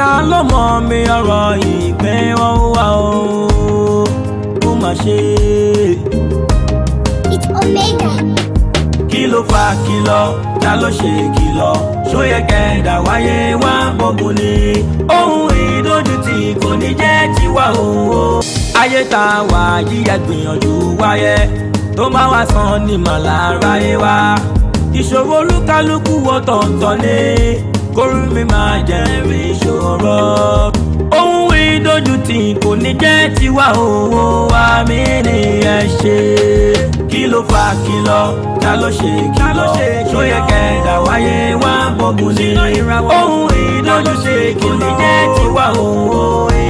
ta ló mọ̀ mi ọ̀rọ̀ ìpín wọn wà o ó mà ṣe. it's omega. kí ló fa kìlọ̀ ta ló ṣe kìlọ̀ ṣó yẹ kẹ́ẹ̀dá wáyé wá bọ́gùn ni ohun ìdójútì kò ní jẹ́ tiwa o. ayé tá a wà yíyá gbìyànjú wáyé tó máa wá san ni màlára yé wa ìṣòro olúkálùkù wọ́tọ̀ọ̀tọ̀ ni kórú mi máa jẹ́ rí ìṣòro. ohun ìdójútì kò ní jẹ́ tiwa owó wa mí ni ẹ ṣe. kí ló fa kìlọ̀ ta ló ṣe kìlọ̀ tó yẹ kẹ̀dá wáyé wá bọ̀gùn ni. ohun ìdójútì kò ní jẹ́ tiwa owó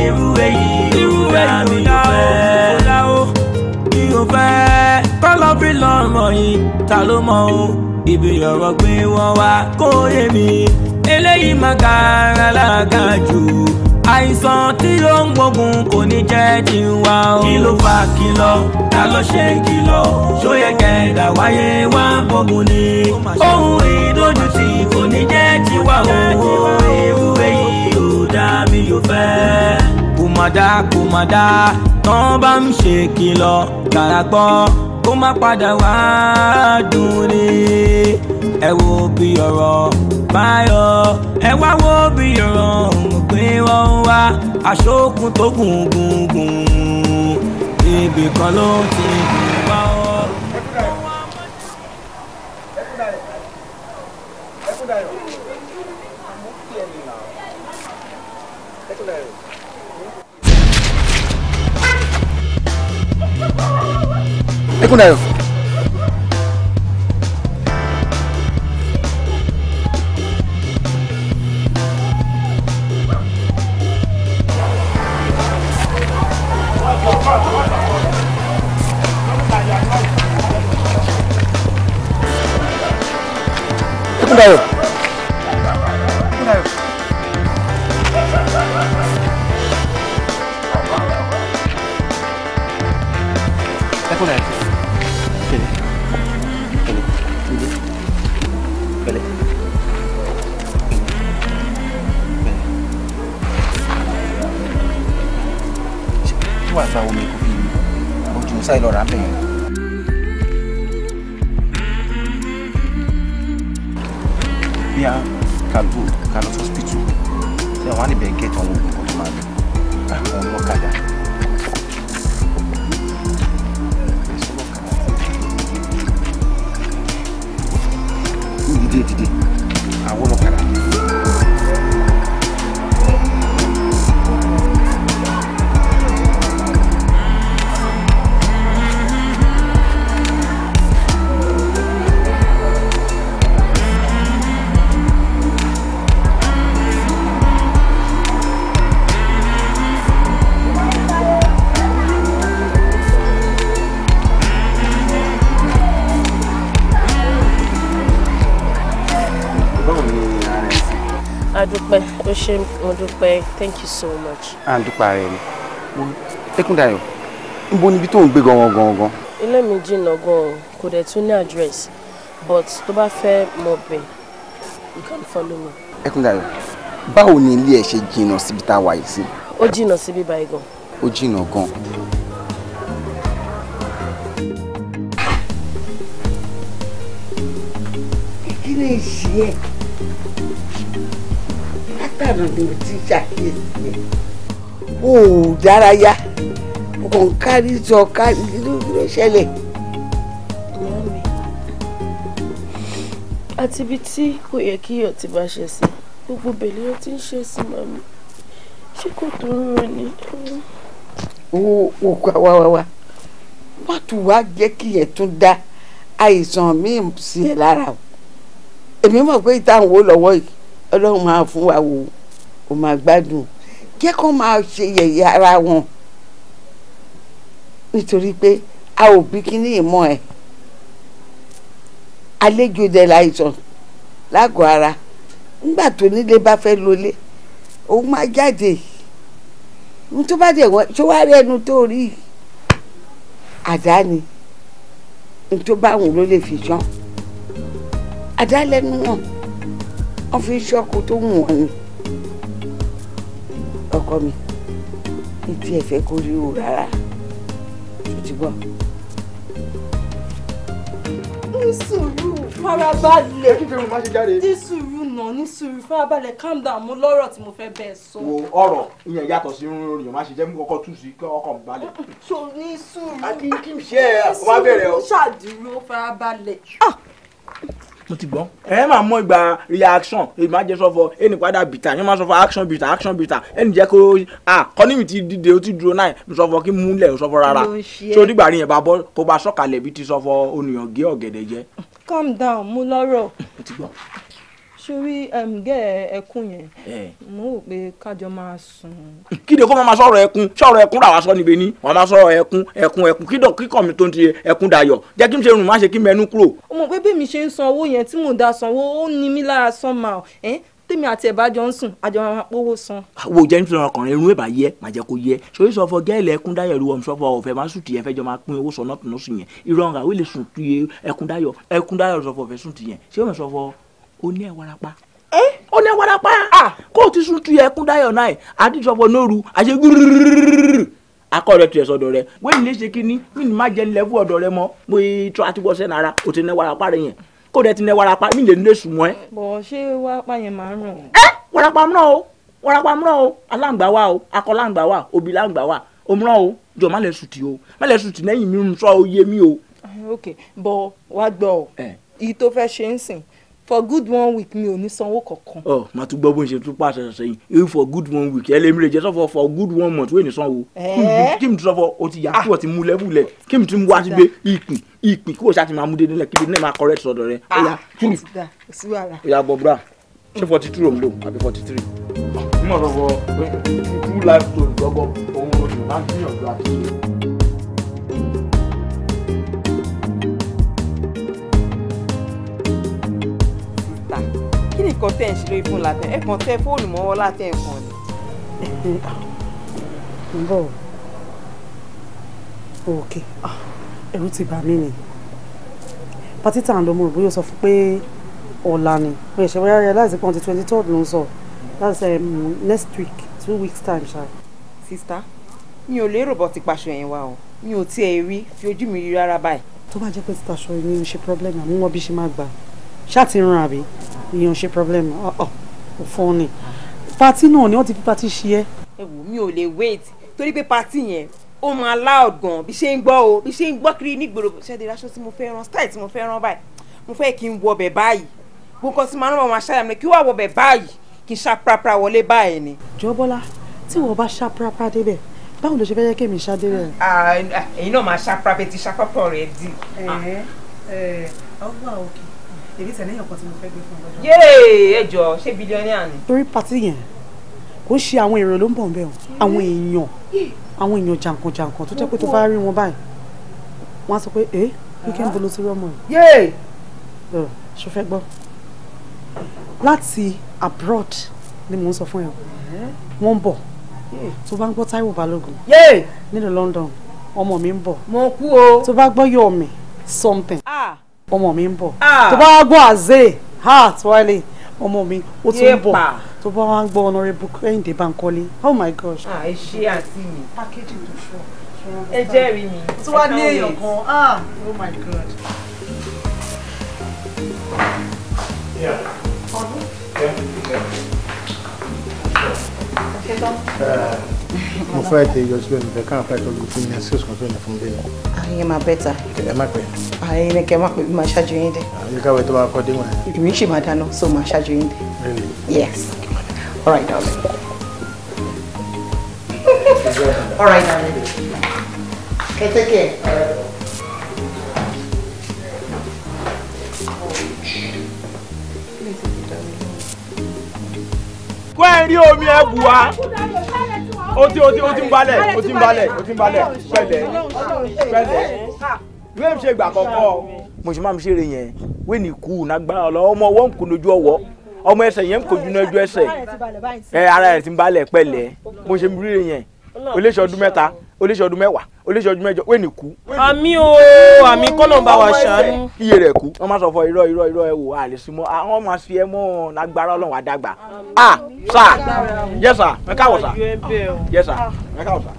irú èyí irú èyí mi fẹ́. mi ò fẹ́ kọ́lọ́bí lọ́mọ yìí ta ló mọ̀ o ibi ọ̀rọ̀ gbé wọn wá kó yé mi eléyìí máa ka ara lága jù àìsàn tí ó ń gbógun kò ní jẹ́ tiwa o. kí ló fà kìlọ̀ ta ló ṣe kìlọ̀ ṣó yẹ wáyé wá gbógun ni. ohun ìdójútì kò ní jẹ́ tiwa o. ìwé yìí ò dá mi yóò fẹ́. kò má dá kò má dá tán bá ń ṣe kìlọ̀ kàrà kó má padà wá dùn ni ẹ wo bí ọ̀rọ̀ báyọ̀ ẹ wá wo bí ọ̀rọ̀ mọ̀ pé wọ́n ń wá aṣókun tó gùn gùn gùn ibì kan ló ń ti gùn wá ọ́. Ẹkúndayọ̀. đều Đây này guarda come copini, oggi sai lo rapido. àwọn àníbẹ̀ gẹ̀ẹ́tì àwọn oògùn kan tó máa lò àwọn ọlọ́kadà. dìde dìde. ṣé mo dúpẹ́ thank you so much. A ń dúpẹ́ rẹ̀ ni Tẹ́kúndayọ̀ níbo níbi tó ń gbé gangan gangan. ilé mi jìnnà gan-an kò dẹ̀ tún ní address but tó bá fẹ́ mọ̀ bẹ̀ you can follow me. Tẹ́kúndayọ̀ báwo ni ilé ẹ ṣe jìnnà síbi tá a wà yìí sí. ó jìnnà síbi báyìí gan. ó jìnnà gan. kí ni ìṣe ẹ. báwo ni mo ti ṣàkíyèsí o ò dárayá o kàn ń kárí sọ kárí ló ló ṣẹlẹ̀. àti ibi tí kò yẹ kí iyọ̀ ti bá ṣe sí gbogbo bèlè ó ti ń ṣe sí màmí ṣé kò tó ń rìn ní. o kò wá wá wá wọ́n tún wá jẹ́ kí yẹn tún dá àìsàn míì sí ẹ lára o èmi mọ̀ pé ìtàn wo lọ́wọ́ yìí ọlọ́run máa fún wa wò ó máa gbádùn jẹ́ kó máa ṣe yẹ̀yẹ́ ara wọn nítorí pé a ò bí kíní ìmọ̀ ẹ̀ àlejò dẹ̀ láìsàn lágọ̀ọ́ ara nígbà tó nílé bá fẹ́ lọlé òun máa jáde ohun tó bá dẹ̀ wọ́n ṣó wá rí ẹnu tó rí àdá ohun tó bá wù ló lè fi ṣán àdá lẹ́nu wọn wọ́n fi ṣọ́kù tó wù wọ́n ni ọkọ mi ní tí ẹ fẹ́ kó rí o rárá tó ti gbọ́. ní sùúrù farabalẹ̀ ní sùúrù náà ní sùúrù farabalẹ̀ calm down mo lọ́rọ̀ tí mo fẹ́ bẹ́ẹ̀ sọ. wo ọ̀rọ̀ ìyẹn yàtọ̀ sí irun oríyàn má ṣe jẹ́ mú kọ́kọ́ tú sí kí ọkọ̀ mi balẹ̀. so ní sùúrù. a kì í kí n ní sùúrù ṣàdúró farabalẹ̀. Ah! mo ti gbọ́. ẹ máa mọ ìgbà reaction èyí máa jẹ sọ fọ ẹnì padà bìtà yẹn máa sọ fọ action bìtà action bìtà ẹnì jẹ́ kó a kọ́ni mi ti dìde ó ti dúró náà mo sọ fọ kí múlẹ̀ ó sọ fọ rárá so nígbà yẹn bá bọ́ kó bá sọ̀kalẹ̀ bí ti sọ fọ onìyàn gé ọ̀gẹ̀dẹ̀ jẹ. calm down mú lọ́rọ̀. mo ti gbọ́ sórí um, gẹ́ ẹkún yẹn mo rò pé kájọ máa sùn. kíde kó máa sọ̀rọ̀ ẹkún sọ̀rọ̀ ẹkún rà wá sọ níbi ní wọ́n máa sọ̀rọ̀ ẹkún ẹkún ẹkún kídọ̀ kíkọ̀ mi tó ń ti ẹkún dayọ̀ jẹ́ kí n ṣe rùn má ṣe kí mẹ́nu kúrò. o mọ̀ pé bí mi ṣe ń san owó yẹn tí mò ń da sanwó ó ní mi lára san máa ẹ́ tèmi àti ẹ̀ bá jọ ń sùn àjọ máa pówó san. Ah, wo jẹ́ nítorí ọkùnrin irun ẹ̀bà yẹ màá jẹ́ kó yẹ sori sọ fọ gẹ́ẹ̀lì ẹkún dayọ̀ ìlú ọ̀hún sọfọ ọ̀fẹ́ máa sùn tìyẹn fẹ́jọ́ máa pín owó sọ náà tún náà sùn yẹn irọ́ ọ̀hún àwọn èlé sùn tìyẹ ẹkún dayọ̀ ẹkún dayọ̀ sọfọ ọ̀fẹ́ sùn tìyẹn ṣé o mọ̀ sọfọ o ní ẹ̀wàràpá ó ní warapa kó o ti sùn tu ẹkún dáyọ̀ náà àdìsọ́fọ̀ nóoru àṣẹ gbúrúrúrúrú akọ rẹ tiẹ̀ sọ́dọ̀ rẹ wẹ́ẹ̀ni lè ṣe kínní mí ni má jẹ́ lẹ́fù ọ̀dọ̀ rẹ mọ́ mo yí tó àti bọ́ sẹ́nu ara o ti ní warapa rẹ yẹn kó rẹ ti ní warapa mí lè nílé sùn mọ́ ẹ. bọ̀ ṣé warapa yẹn máa ń ràn ọ́. ẹ warapa mìíràn o warapa mìíràn o aláǹgbá wa o akọ láǹgbá wa òbí láǹgbá òmìíràn o jọ má lẹ sùtì o má lẹ sùtì lẹ́yìn mi ń sọ oyé mi o. ok bọ wá gbọ́ ọ èyí tó fẹ́ ṣe ń sìn for good one week mi ò ní sanwó kankan. ọ oh, màá tún gbọ́ bó ń ṣe tún pàṣẹ sẹ́yìn even for good one week ẹlẹ́mi lè jẹ́ sọ́fọ̀ for good one month wẹ́ẹ̀ ní sanwó. kí mi tún sọ́fọ̀ o ti yà ah. kí wọ́n ti mú lẹ́bùlẹ̀ kí mi tún wá sí pé ìpín ìpín kí wọ́n ṣáà ti máa mú dé nílẹ̀ kí ibi náà máa correct sọ̀dọ̀ rẹ̀ ah, ó yà túrù ó yà gbọ̀gbọ̀ra ṣé forty two òun lò àbí forty three. mo sọ fọ two life story gbọgbọ òun ò nǹkan tẹ̀ ń ṣe lórí fóònù látẹ̀ ẹ kàn tẹ fóònù mọ́wọ́ látẹ̀ nǹkan ni. ń bọ̀ òkè ah, ẹ̀rù ti bà mí ni pátí tá à ń lọ mo rò bóyá sọ fún pé ọ̀la ni mo ṣẹ̀ṣẹ̀ wáyà rẹ̀ láti pọ́n ti twenty third ló ń sọ that's um, next week two weeks time ṣá. sista mi ò lérò bọ́ ti paṣọ yẹn wa o mi ò tiẹ̀ rí fi ojú mi rí rárá báyìí. tó bá jẹ́ pé títa aṣọ yìí ni ṣe problem àmú wọn bí ṣe máa gbà ṣáà ti ń rán àbí ìyẹn ò ṣe problem ah, ah, ò fún ni pati náà ni wọ́n ti fi pati ṣe ẹ́. ẹ wò mí ò lè wait torí pé pati yẹn ó máa loud gan bí ṣe ń gbọ́ o bí ṣe ń gbọ́ kiri nígboro ṣẹ́ẹ́dì aṣọ tí mo fẹ́ rán style tí mo fẹ́ rán báyìí mo fẹ́ kí n wọ ọbẹ̀ báyìí gbogbo tí màá rán wọn aṣáájú mi kí wọ́n wọ ọbẹ̀ báyìí kí n ṣàprapra wọlé báyìí ni. jọbọlá tí wọn bá ṣàprapra débẹ̀ báwo ló ṣe fẹ́ yẹ kí èmi ṣáde rẹ̀. ẹ̀yin náà máa ṣàprapẹ̀ ti ṣàpapọ̀ rẹ̀ dì. ọgbà òkè èmi tẹ̀lé èèyàn kan tí mo fẹ́ gbé fún ọ lọ́jọ́. yéè ẹ jọ ṣé bílíọ̀nìà ni. torí pàtí yẹn kò ṣe àwọn èrò ló ń bọ̀ ń bẹ̀ o àwọn èèyàn àwọn èèyàn jàǹkànjàǹkàn tó jẹ́ pé tó bá rí wọn báyìí wọ́n á sọ pé ẹ weekend bolo ti yìí. yéè fẹ́ gbọ́ láti abroad ni mò ń sọ fún ẹ mm-hmm. wọ́n ń bọ̀ tó bá ń gbọ́ Táíwò Balógun nílùú London ọmọ mi ń bọ̀ mo kú o tó bá gbọ́ yọ̀ something. Ah ọmọ mi ń bọ̀ ah. tó bá wá gbọ́ àzẹ́ heart wálé ọmọ mi ó tún ń bọ̀ tó bá wá ń gbọ́ honourable kẹ́hìndé bankole oh my gosh. àìṣe ah, àti mi. pákéjì tó fọ. ẹ jẹ́rìí mi. tó wá ní èèyàn kan ah oh my god. Yeah. Pardon? Yeah. yeah. Eh, mo fẹ́ de yọ síbẹ̀ níbẹ̀ káwọn fẹ́ tó gbé ní ẹsẹ̀ kan tó yẹn fún bẹ́ẹ̀. ayé máa bẹ́ ta. ẹ má pẹ́. ayé ni kẹ́ má pẹ́ bí máa ṣáájú yín dé. ayé ah, káwé tó bá kọ́ dé wọn. èmi sì máa dáná so máa ṣáájú yín really yes all right darling. all right darling. kẹ́tẹ́kẹ́. Please, if you kó ẹ rí omi ẹ bù wá o ti o ti o ti ń balẹ̀ o ti ń balẹ̀ o ti ń balẹ̀ pẹ̀lẹ́ pẹ̀lẹ́ ìwé mi ṣe gbà kọ̀kọ́. mo ṣe máa ń ṣeré yẹn wíìnì kù nágbára ọlọ ọmọ ọwọ́ ń kò lójú ọwọ́ ọmọ ẹsẹ̀ yẹn ń kò jù lójú ẹsẹ̀ ẹ ara rẹ̀ ti ń balẹ̀ pẹ̀lẹ́ mo ṣe ń rí yẹn olóṣèlú mẹ́ta oníṣẹ́ ọdún mẹ́wàá oníṣẹ́ ọdún mẹ́jọ wẹ́ẹ̀nì kú. àmì o àmì kọ́nà bá wa ṣàánú. iye rẹ̀ kú wọ́n máa sọ fọ irọ́ irọ́ irọ́ ẹ wò á lè súnmọ́ àwọn máa fi ẹ mọ́ agbára ọlọ́run àdàgbà. a sà yẹ sà ẹ káwọ̀ sà yẹ sà ẹ káwọ̀ sà.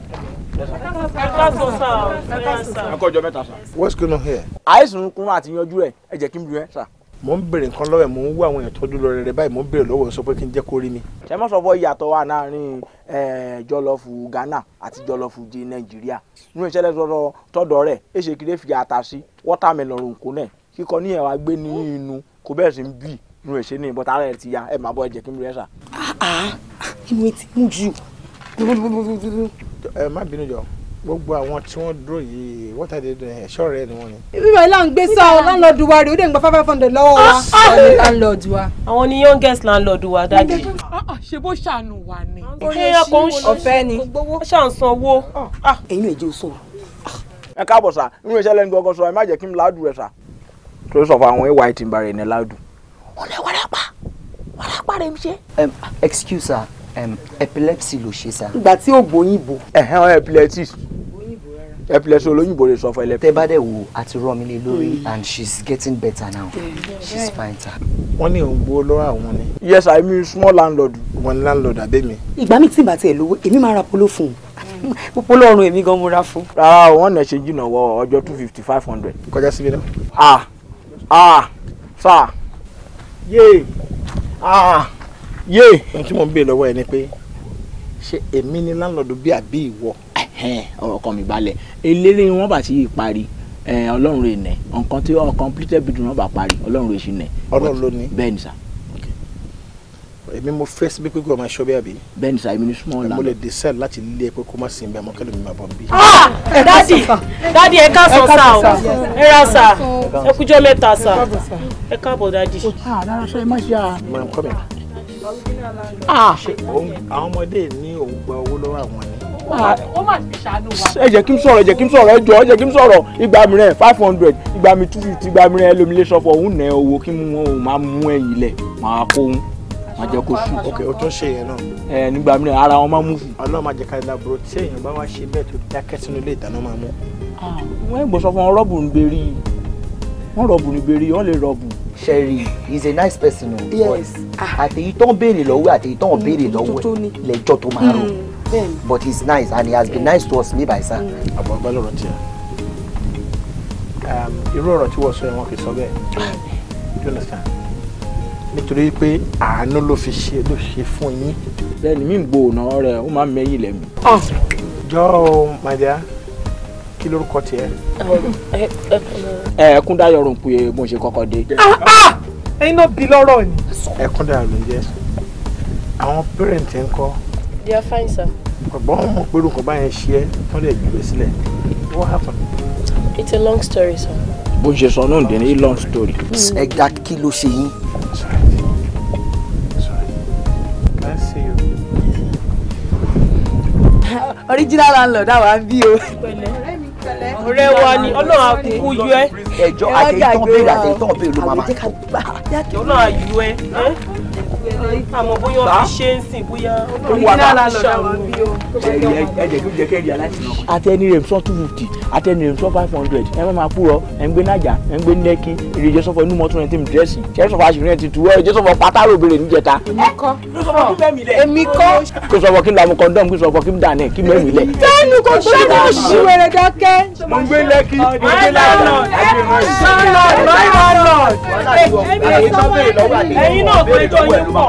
ẹ kọjọ mẹ́ta sà. what's going on àìsàn kúnra àti yanjú ẹ ẹ jẹ́ kí n bí ẹ sà mò ń bèrè nǹkan lọ́wọ́ ẹ̀ mò ń wá àwọn èèyàn lọ rẹ̀ báyìí mò ń bèrè lọ́wọ́ sọ pé kí n jẹ́ kó rí mi. ṣé mo sọ fọ ìyàtọ̀ wà láàrin jọlọfù Ghana àti jọlọfù di Nàìjíríà nínú ìṣẹ̀lẹ̀ tọ́dọ̀ tọ́dọ̀ rẹ̀ èṣe kiri fi ata sí wọ́tàmẹlọ̀n òǹkó náà kíkọ ní ẹ̀wà gbé ní inú kò bẹ́ẹ̀ sì ń bì nínú ìṣe ní ìbọn tààrà ẹ̀ ti ya ẹ̀ máa bọ́ ẹ̀jẹ̀ kí n rí ẹ̀ sà. Ah, ah, inú etí ń ju. ẹ má bínú jọ gbogbo àwọn tí wọ́n dúró yìí wọ́n tàdé ẹ̀ṣọ́ rẹ̀ ni wọ́n ni. bíbá ilá ń gbé sá ọ láńlọ́ọ̀dù wa rèé ó dẹ̀ ń gba five five hundred lọ́wọ́ wa. ọ̀ọ́ni ah, láńlọ́ọ̀dù ah. wa. àwọn ni youngest láńlọ́ọ̀dù wa dáàdì. Ah, ṣé bó ṣàánú wa ni. oríyàn kan ọ̀fẹ́ ni ó ṣàǹsán owó. ẹ̀yin èjì ò sọ̀rọ̀. ẹ káàbọ̀ sá nínú iṣẹ́ lẹ́nu gbọ́ngàn sọ ẹ má jẹ́ kí n láàdù rẹ̀ sá. torí sọ fún àwọn ìwà ìtìǹbarẹ̀ ní láàdù. ó excuse sir epilepsy ló ṣe sá. ìgbà tí ògbó yìnbó. ẹ̀hẹ́n epilepsy epilepsy olóyìnbó lè sọ fún ẹlẹ́pì. tẹ bá dẹ̀ wo àti rọmílẹ̀ lórí mm. and she's getting better now mm. she's fine ta. wọ́n ní òǹgbò lọ́wọ́ àwọn ni. yes i mean small landlord wọn landlord abẹ́ mi. ìgbà mi tí ìbá tiẹ̀ lówó èmi máa ra polo fún un mm. polo ọrùn èmi gan mo ra fún. rárá wọn náà ṣe jìnnà wọ ọjọ́ two fifty five hundred. kọjá síbi náà. ah ah sir yéé ah yé ohun tí mò ń bè lọ́wọ́ ẹ ni pé ṣé èmi ni láńlọ́ọ̀dù bí àbí ìwọ. ọ̀rọ̀ mi balẹ̀ eléré wọn bá ti parí ọlọ́run rẹ̀ nẹ̀ nǹkan tí completed bid wọn bá parí ọlọ́run rẹ̀ sì nẹ̀. ọlọ́run ló ní bẹ́ẹ̀ ni sà. èmi mo fẹ́ sí pípé kí o máa ṣọ́ bí àbí. bẹ́ẹ̀ ni sà èmi ni súnmọ́ ọ̀la. mo lè decide láti lé ẹ pé kó má sin bẹ́ẹ̀ mọ́ kẹ́lẹ́ mi máa bọ̀ bí. Ah! dádì dádì ẹ káàsán sà o ẹ ra sà ẹ kújọ́ mẹ́ta sà ẹ káàbọ̀ dádì. rárá ah, Ah. àwọn ọmọdé ní òun gba owó lọ́wọ́ àwọn ni. ó mà ti ṣàánú wa. ẹ jẹ́ kí n sọ̀rọ̀ ẹ jẹ́ kí n sọ̀rọ̀ ẹ jọ ẹ jẹ́ kí n sọ̀rọ̀ ìgbà mi rẹ̀ five hundred ìgbà mi two fifty ìgbà mi rẹ̀ ẹlòmí lè sọ fún òun nẹ owó kí n wọn ò máa mú ẹ̀yìn lẹ̀ máa kó òun máa jẹ́ kó sùn. ok o tún ṣe yẹn náà. ẹ nígbà mi rẹ̀ ara wọn máa mú fún. ọlọ́run máa jẹ ká ìlà bro tí èèyàn bá wá ṣe bẹ́ẹ̀ tó dákẹ́ sínú ilé ìdáná máa mú. Ah. wọ́n ń gbọ́ sọ fún ọ rọ́bù ń berí wọ́n rọ́bù ń berí wọ́n lè rọ́bù Sherry is a nice person o yes àtẹ̀yí tó ń béèrè lọ́wọ́ àtẹ̀yí tó ń mm, béèrè lọ́wọ́ lẹ́jọ́ tó máa rò mm, but he is nice and he has been nice to us ní bàyìísá. Mm. àbọ̀ ọgbà lọ́rọ̀ tiẹ̀ um, irú ọ̀rọ̀ tí wọ́n sọ yẹn wọ́n kì sọ bẹ́ẹ̀ you understand nítorí pé àánú ló fi ṣe ló ṣe fún yín. bẹ́ẹ̀ni mi ń gbóòórùn ọ̀rẹ́ ó máa ń mẹyìn lẹmi. Ah. jọ o my dear kí lórúkọ tiẹ̀. Eh, Ẹ̀kúndayọ̀ rò ń pè mo ṣe kọ́kọ́ dé. Ah, ah! ẹyin náà bí lọ́rọ̀ ni. Ẹ̀kúndayọ̀ ló ń jẹ́ àwọn pẹ́rẹ́ǹtì ń kọ́. they are fine sir. wọn mọ̀ pé orúkọ báyẹn ṣe é wọ́n lè gbé sílẹ̀ what happened. it's a long story sir. bó ṣe sọ náà dé ní long story. Mm. ẹja kí ló ṣe yín. original landlord àwa ń bí o ọ̀rẹ́ wa ni ọlọ́run àkùnkùn yọ ẹ́. ẹjọ́ àtẹ̀yìntàn bèrè àtẹ̀yìntàn bèrè ló máa máa tó. ọlọ́run àyù àmọ́ bóyá ọbí ṣe ń sìn bóyá onídàlá lọ́dọ̀ wọn bí o. ẹ̀jẹ̀ tó jẹ́ kẹ́rì aláìsàn. àtẹni rẹ̀ sọ two fifty àtẹni rẹ̀ sọ five hundred ẹ má máa kúrọ ẹ ń gbé nájà ẹ ń gbé nẹ́kí èrè ìjọsọfọ inú mọ́tò rẹ̀ tí mi dírẹ́sì ìjọsọfọ aṣèwìn rẹ̀ ti tu ẹ ìjọsọfọ pátárò bèrè níjẹta. èmi kọ́ kí sọfọ kí n lamu kọ́ndọ́m kí sọfọ kí n dà náà kí mẹ́rin lẹ̀. tẹ́nu kò gbẹ́nu òṣìwèrè dákẹ́. mo ń gbé lẹ́kì mo ń gbé lánàá. ẹ̀yin náà pé tó yín pọ̀.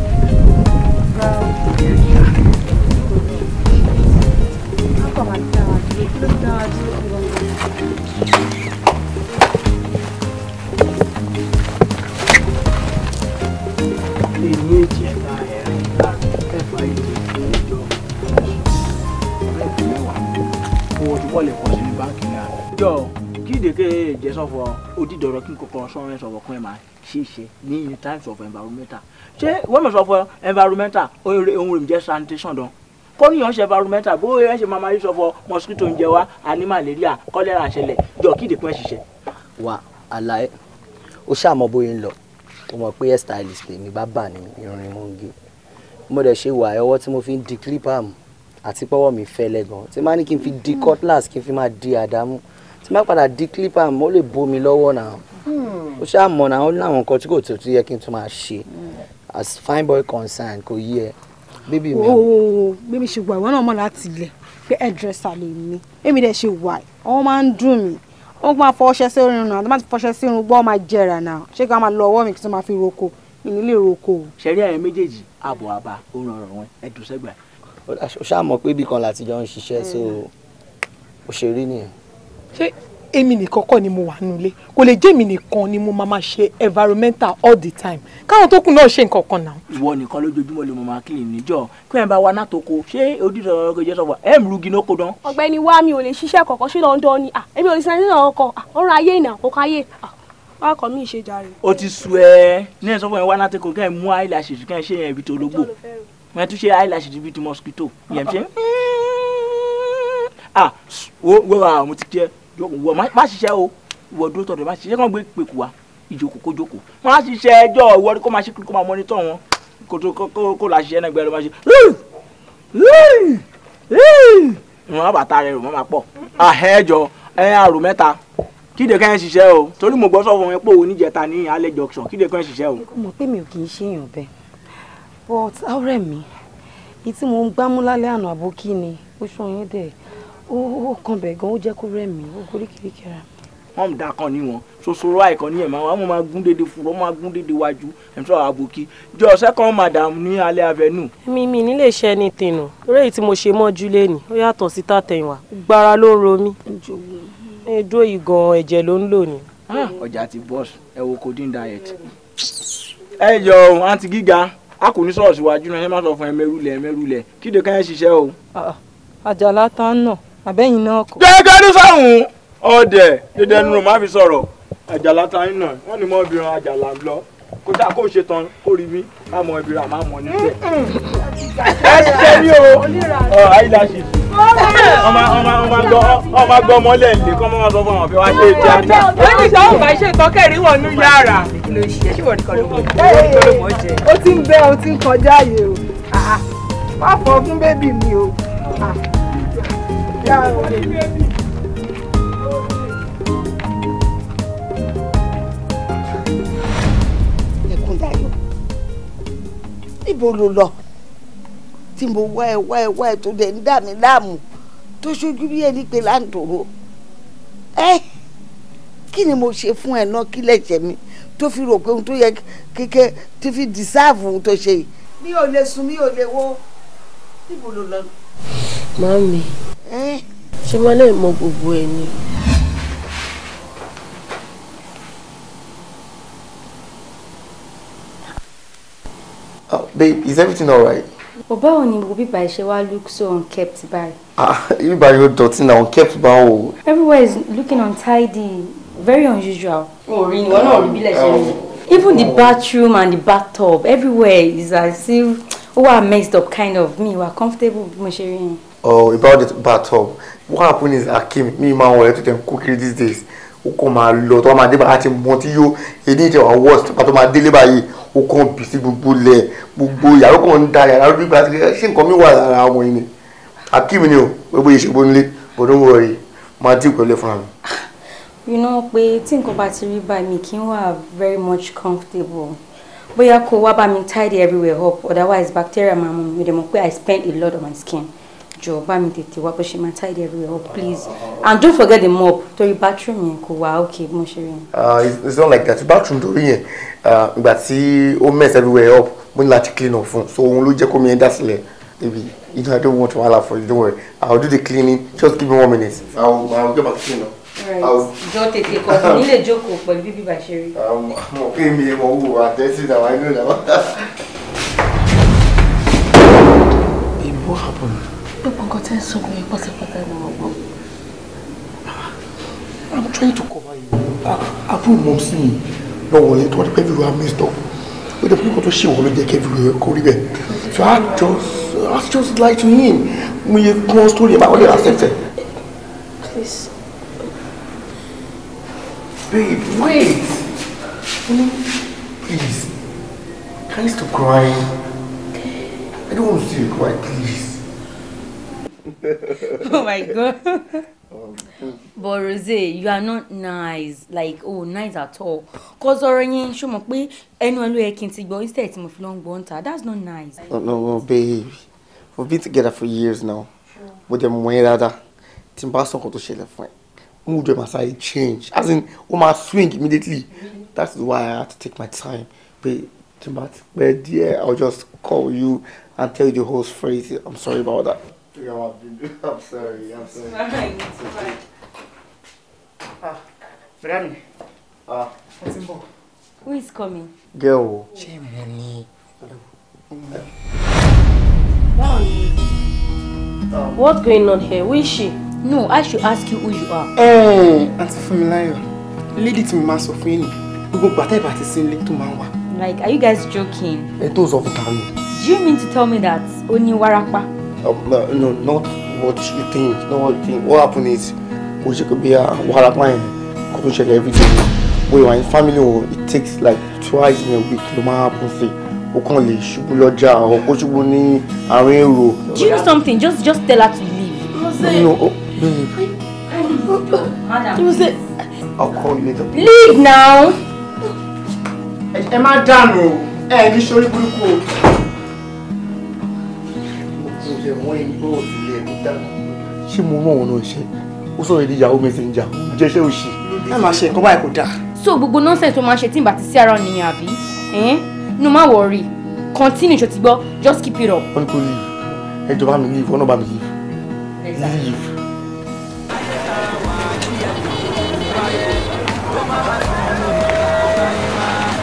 kékeré jẹ sọfọ odidọrọ kí n kò kàn sọ̀rọ̀ sọfọ kún ẹ máa ṣe ṣe ní in times of environmental ṣé wọ́n mọ̀ sọfọ environmental ohun rèé jẹ́ sanitation dán kọ́ níyàn ṣe environmental bó yẹn ṣe máa máa rí sọfọ mosquito ń jẹ wá àní cholera. kọ́lẹ́rà ṣẹlẹ̀ jọ kí ìdìpín ẹ̀ ṣiṣẹ́. wà á láyé ó ṣàmọ bóyá ń lọ ó mọ̀ pé hairstylist lèmi bá bà ní irun ni mo ń gé mo dẹ̀ ṣe wà ọwọ́ tí mo fi ń di clipper àti pọ́wọ́ mi fẹ́lẹ́ gan tí má ní kí fi di cutlass kí n fi máa di àdámù tí má padà di clipper mo lè bomi lọ́wọ́ náà hmm. ó ṣáà mọ̀ náà ó láwọn nǹkan tí kò tó yẹ kí n tún máa ṣe hmm. as fine boy concern kò yí ẹ bébí mi. ooo oh, bébí ṣùgbọ́n ìwọ náà mọ̀ láti ilẹ̀ pé hairdresser lè mi èmi dẹ̀ ṣe wà ọwọ́ máa ń dùn mí wọ́n máa fọ sí irun náà tó máa ti sí irun gbọ́ máa jẹrà náà ṣé kí wọ́n máa lọ ọwọ́ mi kí wọ́n máa fi roko inú ilé roko. ṣẹ̀rí àyẹ̀ méjèèjì ààbò àbá ó ràn ọ̀rọ̀ wọn ẹ̀dùn sẹ́gbà. ó ṣáà mọ̀ pé ibì kan làtijọ́ ń ṣiṣẹ́ hmm. so òṣèré nìyẹn ṣé èmi nìkan kọ́ ni mo wà nílé kò lè jẹ́ nìkan ni mo máa ma ṣe environmental all the time káwọn tó kù náà ṣe nǹkan kan náà. ìwọ nìkan lójoojúmọ́ ló mọ máa clean níjọ kí ẹ bá wa náà tó ko ṣé ojúṣe ọ̀rọ̀ kejì sọ̀rọ̀ ẹ̀ ń rugi náà kó dán. ọ̀gbẹ́ni wa mi ò lè ṣiṣẹ́ kọ̀ọ̀kan sí lọ́ńdọ́ ni èmi ò lè sinmi nínú ọkọ̀ ọ̀rọ̀ ayé ìnà kò káyé wákọ̀ mi ṣe jàre. ó ti sú ẹ ní ẹ sọ fún ẹ wá náà tó ko kẹ́ ẹ mú eyelashes kẹ́ ẹ ṣe yẹn ibi tó lógbò mẹ ah wo wọ má ṣiṣẹ́ o ìwọ dúró tọ̀dọ̀ má ṣiṣẹ́ kàn gbé pèkù wa ìjòkó kó jókòó má ṣiṣẹ́ ẹjọ́ ìwọ kó máa ṣe kó máa mọ́nítọ̀ wọn kó tó kó la ṣiṣẹ́ náà gbẹ ló máa ṣe ìwọ̀n bàtà rẹ̀ rò mọ́ máa pọ̀ àhẹ́jọ ẹ̀ àrò mẹ́ta kíde kan ṣiṣẹ́ o torí mo gbọ́ sọ́fọ̀ yẹn pé òun níjẹta ní alẹ́ junction kíde kan ṣiṣẹ́ o. mo mọ̀ pé mi ò kì í ṣèyàn bẹ́ẹ̀ but ọ̀rẹ́ mi ìtí mo ń gbámú lálẹ́ àná àbókí ni ó ṣan yẹn dẹ̀ ó kàn bẹ̀ gan ó jẹ́ kó rẹ̀ mí ó gorí kìrìkì ara mi. wọ́n da kan ní wọn ṣoṣoro àìkàn ní ẹ̀mọ́ àwọn máa gún dédé fúrọ́ máa gún dédé wájú ẹ̀mí sọ̀rọ̀ àbòkí jọ second madam ní alẹ́ avenue. mi mi nílé iṣẹ́ ni tènù eré yìí tí mo ṣe mọ́jú léni ó yàtọ̀ sí tàtẹ̀yìnwá gbára ló ń ro mí. ẹjọ́ yìí gan ẹ̀jẹ̀ ló ń lò ní. Ah, ọjà ti bọ́ọ̀sì ẹ wo codeine diet. ẹ jọ àǹtí gíga a kò ní sọ̀rọ̀ síwájú náà ẹ má sọ fún ẹ mẹ́rù lẹ̀ mẹ́rù lẹ̀ kíde káyọ̀ ṣiṣẹ́ o. Ah, àjàlá tán náà àbẹ́yìn náà kọ. gẹ́gẹ́ ní sáhùn ọ̀dẹ̀ dídẹ nínú má fi sọ̀rọ̀ àjàlá ta iná wọ́n ní mọ́ obìnrin àjàlá lọ kó tá kó ṣe tán kó rí mi má mọ ibi rà má mọ níbẹ̀. ẹ ti tẹ́ ní o ọ ayíla ṣì tù ọmọ gbọ́ mọ́lẹ̀ lè kọ́ mọ́ sọ fún àwọn ọ̀fẹ́ wá ṣe ìjà ní. wọ́n ti sọ òǹbà iṣẹ́ ìtọ́kẹ̀rí wọnú yàrá. ó ti ń bẹ́ ó ti ń kọjá ààyè o má fọ fún bébì mi o ẹkún dayọ̀ níbo ló lọ tí mo wá ẹ wá ẹ wá ẹ tó dẹ ń dà mí láàmú tó ṣojú bí ẹni pé láǹdòrò ẹ kí ni mo ṣe fún ẹ náà kí lẹ̀jẹ̀ mi tó fi rò pé ohun tó yẹ kékeré tó fi dìsáàfù ohun tó ṣe yìí mi ò lè sùn mi ò lè wo níbo ló lọ. Mami. Eh? Ṣé máa lè mọ gbogbo ẹ ni? Oh, babe, is everything alright? Bàbá ò ní wo bíbá ìṣe wa look so unkept by. Ah, bíbá yóò dọ̀tí na unkept bá o. Everywhere is looking untidy, very unusual. Orí ni wọn náà rí bílẹ̀ ṣe rí. Oh. Even the bathroom and the bathtub, everywhere is as if ó wà messed up kind of me, wà comfortable bí mo ṣe rí yẹn or oh, about the bathtub oh, what happen is Akim, me ma wọlé tó tẹ̀ cook kó these days ó kàn máa lọ tó máa dé báyìí àti mọ tí yóò èdè ìtẹ̀ wà worst tó bá tó máa délé báyìí ó kàn bì sí gbogbo lẹ̀ gbogbo yàrá kan ń da yàrá lórí ìgbà tí ṣé nǹkan mi wà lára ọmọ yìí ni Akeem ni o gbogbo yìí ṣe nílé but don't worry máa dín pẹ̀lú ẹ̀ fúnra mi. you know pé tí nǹkan bá ti rí báyìí mi kì í wà very much comfortable bóyá kó wá bá mi tidy everywhere up otherwise bacteria máa mú mi dẹ̀ mọ̀ pé I spend a lot on my skin. Jo, bá mi tètè wá bó ṣe máa tidy everywhere Oh, please and don't forget the mop torí bathroom yẹn kò wá okay mo ṣe rí yẹn. Uh, it's not like that bathroom torí uh, ìgbà tí ó mess everywhere up mo ní láti clean up fún so òun ló jẹ́ kó mi ẹ̀ dá baby you know I don't want wahala for you don't worry I'll do the cleaning just give me one minute I'll, I'll get back to you now. jọ tètè kọ sí nílé jókòó pẹ̀lú bíbí bàṣẹ rí. mo pè mí mo wù àtẹ́sí náà I know What happened? Gbogbo nǹkan tẹ́ ń sọ mi pátápátá ni I'm trying to cover you. I put sí i lọ́wọ́ yẹn tí wọ́n ti pẹ́ everywhere messed up. Ó jẹ́ pé nǹkan tó ṣe wọ́n ló jẹ́ kí everywhere kó So I just I just lied to him. We yẹ kí wọ́n story about what they accepted. Please. Babe, wait. Please. Can you stop crying? I don't want to see you cry, please. oh my god. Um, mm. but Rose you are not nice like oh nice at all cause ọ̀rọ̀ yẹn ṣó mọ̀ pé ẹnu ẹ ló yẹ ti gbọ́ instead tí mo fi lọ ń gbọ́ ń ta that's not nice. Oh, no no no babe we've been together for years now mo jẹ mọ ẹ dáadáa tí n bá sọ nǹkan tó ṣẹlẹ̀ fún ẹ mo jẹ ma sáré change as in o ma swing immediately that is why i had to take my time pé tí n bá ti pẹ́ díẹ̀ i will just call you and tell you the whole story i'm sorry about that. You I'm sorry. I'm sorry. Alright. Alright. Ah, Brami. Ah. What's in book? Who is coming? Girl. Shame on me. Um, What's going on here? Who is she? No, I should ask you who you are. Eh, Auntie Fumilayo. Lady tí mo máa sọ fún yín. Gbogbo bàtà ìbá ti sin lé tó Like, are you guys joking? Ẹ tó sọ fún Do you mean to tell me that ó ní uh, no, not what you think, not what you think. What happened is, we should be a wàhálà yẹn kò tún ṣẹlẹ̀ everyday. We are in family it takes like twice in a week ló máa happen sí. O kàn lè ṣubú lọ́jà or kó ṣubú ní àárín èrò. Do you know something? Just just tell her to leave. No, no, oh, babe. Madam. I'll call you later. Leave now! Ẹ má dànù, ẹ ní sórí burúkú o tó ṣe wọ́n igbó òsìlẹ̀ ẹ̀kú dáná ṣé mo rán òun náà ṣe ó sọ̀rọ̀ èdè ó jẹ́ṣẹ́ ẹ máa ṣe nǹkan báyìí kò dáa. so gbogbo nọ́ọ̀sẹ̀ tó máa ṣe tí ìgbà ti sí ara nìyẹn àbí no má worry continue ṣó ti gbọ́ just keep it up. wọ́n kò leave ẹjọ́ mi leave wọ́n náà bá mi leave leave.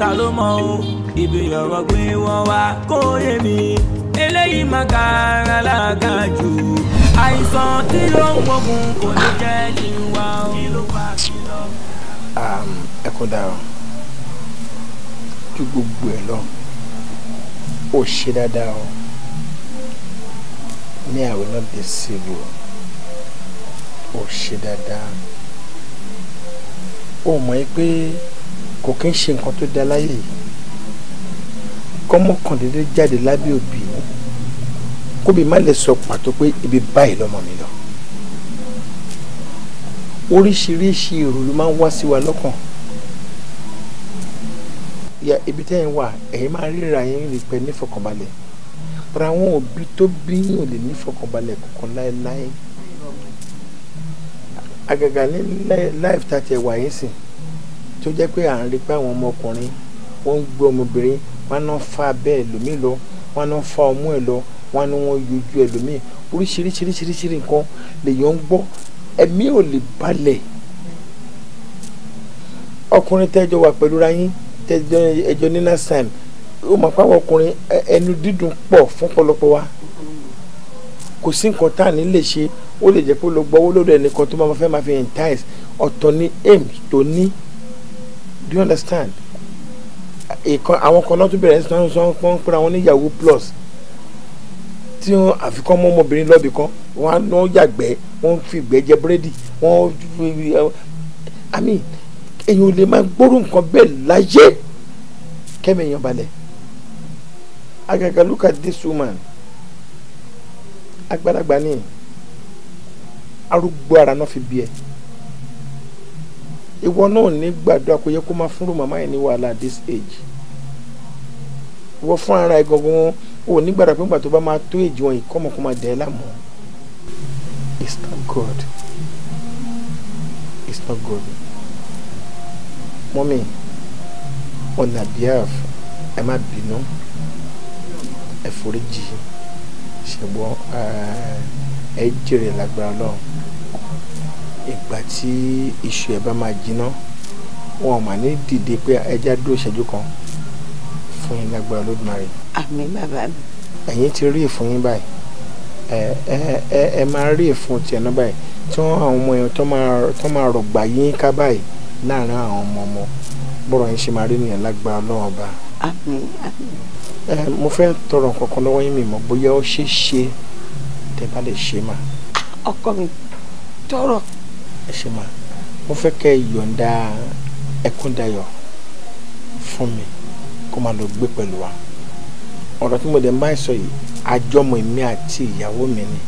ta ló mọ̀ o ibi ọ̀rọ̀ gbé wọn wá kó yé mi eléyìí má kára lága jù àìsàn tí ó ń gbógun kò ní jẹ́ kí n wá o. ẹ kó dáa ju gbogbo ẹ lọ ó ṣe dáadáa o ní àwẹ̀ náà dé sí i o ó ṣe dáadáa ó mọ̀ ẹ́ pé kò kí ń ṣe nǹkan tó da láyé yìí kọ́mọkàndínlẹ́ jáde lábẹ́ òbí kóbi má lè sọ pàtó pé ibi báyìí lọ́mọ mi lọ oríṣiríṣi èrò ló máa ń wá sí wa lọ́kàn ya ibi tẹ́yìn wà ẹ̀yin máa ríra yín rí pẹ́ nífọ̀kànbalẹ̀ pẹ̀lú àwọn òbí tó bí yín ò lè nífọ̀kànbalẹ̀ kankan láéláé àgàgà ní láìf tá wà yín sìn tó jẹ́ pé à ń rí pé àwọn ọmọkùnrin wọ́n ń gbé ọmọbìnrin wọ́n náà fa abẹ́ ẹlòmíì lọ wọ́n náà fa ọmú ẹ̀ lọ wọ́n náà wọ́n yọjú ẹlòmíì oríṣiríṣiríṣiríṣi nǹkan lèèyàn ń gbọ́ ẹ̀mí ò lè balẹ̀ ọkùnrin tẹ́jọ wà pẹ̀lú ra yín tẹ́jọ ẹjọ ní last time ó mọ̀ pé àwọn ọkùnrin ẹnu dídùn pọ̀ fún pọ̀lọpọ̀ wa kò sí nǹkan tá à ní lè ṣe ó lè jẹ́ pé ó lọ gbọ́ owó lórí ẹnìkan tó máa fẹ́ máa fi entice ọ̀tọ̀ ní aim tó ní do you understand ìkan àwọn kan náà tún bẹ̀rẹ̀ sí sọ́n pọ́n ń pera wọn ní yahoo plus tí wọn àfikún ọmọ ọmọbìnrin lọ́bì kan wọn yàgbẹ́ wọn fi ìgbẹ́ jẹ búrẹ́dì wọn àmì èyàn ò lè máa gbóró nǹkan bẹ́ẹ̀ láyé kẹ́mi èèyàn balẹ̀ agaga look at this woman àgbàlagbà ni arúgbó ara náà fi bí ẹ ìwọ náà ní gbàdúrà kò yẹ kó máa fúnrú màmá yẹn ní wàhálà this age ìwọ fún ara ẹ gangan o ní gbàdúrà pé nígbà tó bá máa tó èjì wọn yìí kọ́ ọmọkùnrin máa dẹ̀ ẹ́ láàmú it's not good it's not good mọ́mí on her behalf ẹ má bínú ẹ foríjì ṣùgbọ́n ẹ jèrè lágbára Ọlọ́run ìgbà tí iṣu ẹ̀ bá máa jiná wọn ò mà ní dìde pé ẹja dúró ìṣẹ́jú kan fún yín lágbára Olódùmarè. àmín bàbá mi. ẹ̀yin ti rí ìfún yín báyìí ẹ ẹ ẹ máa rí ìfún tiẹ̀ náà báyìí tí wọ́n àwọn ọmọ yẹn tó máa rọ̀gbà yín ká báyìí láàárín àwọn ọmọ ọmọ bọ́rọ̀ yín ṣe máa rí nìyẹn lágbára Ọlọ́run ọba. àmín àmín. ẹ mo fẹ́ tọrọ nǹkan kan lọ́wọ́ yín mi mọ̀ bóyá ó ṣeé ṣe tẹ́ bá lè ṣe mà. ọkọ mi tọrọ ẹ ṣe mà mo fẹ́ kẹ́ ẹ yọ̀ǹda fún mi kó máa lọ gbé pẹ̀lú wa ọ̀rọ̀ tí mo dẹ̀ ń bá sọ yìí àjọmọ̀ èmi àti ìyàwó mi ni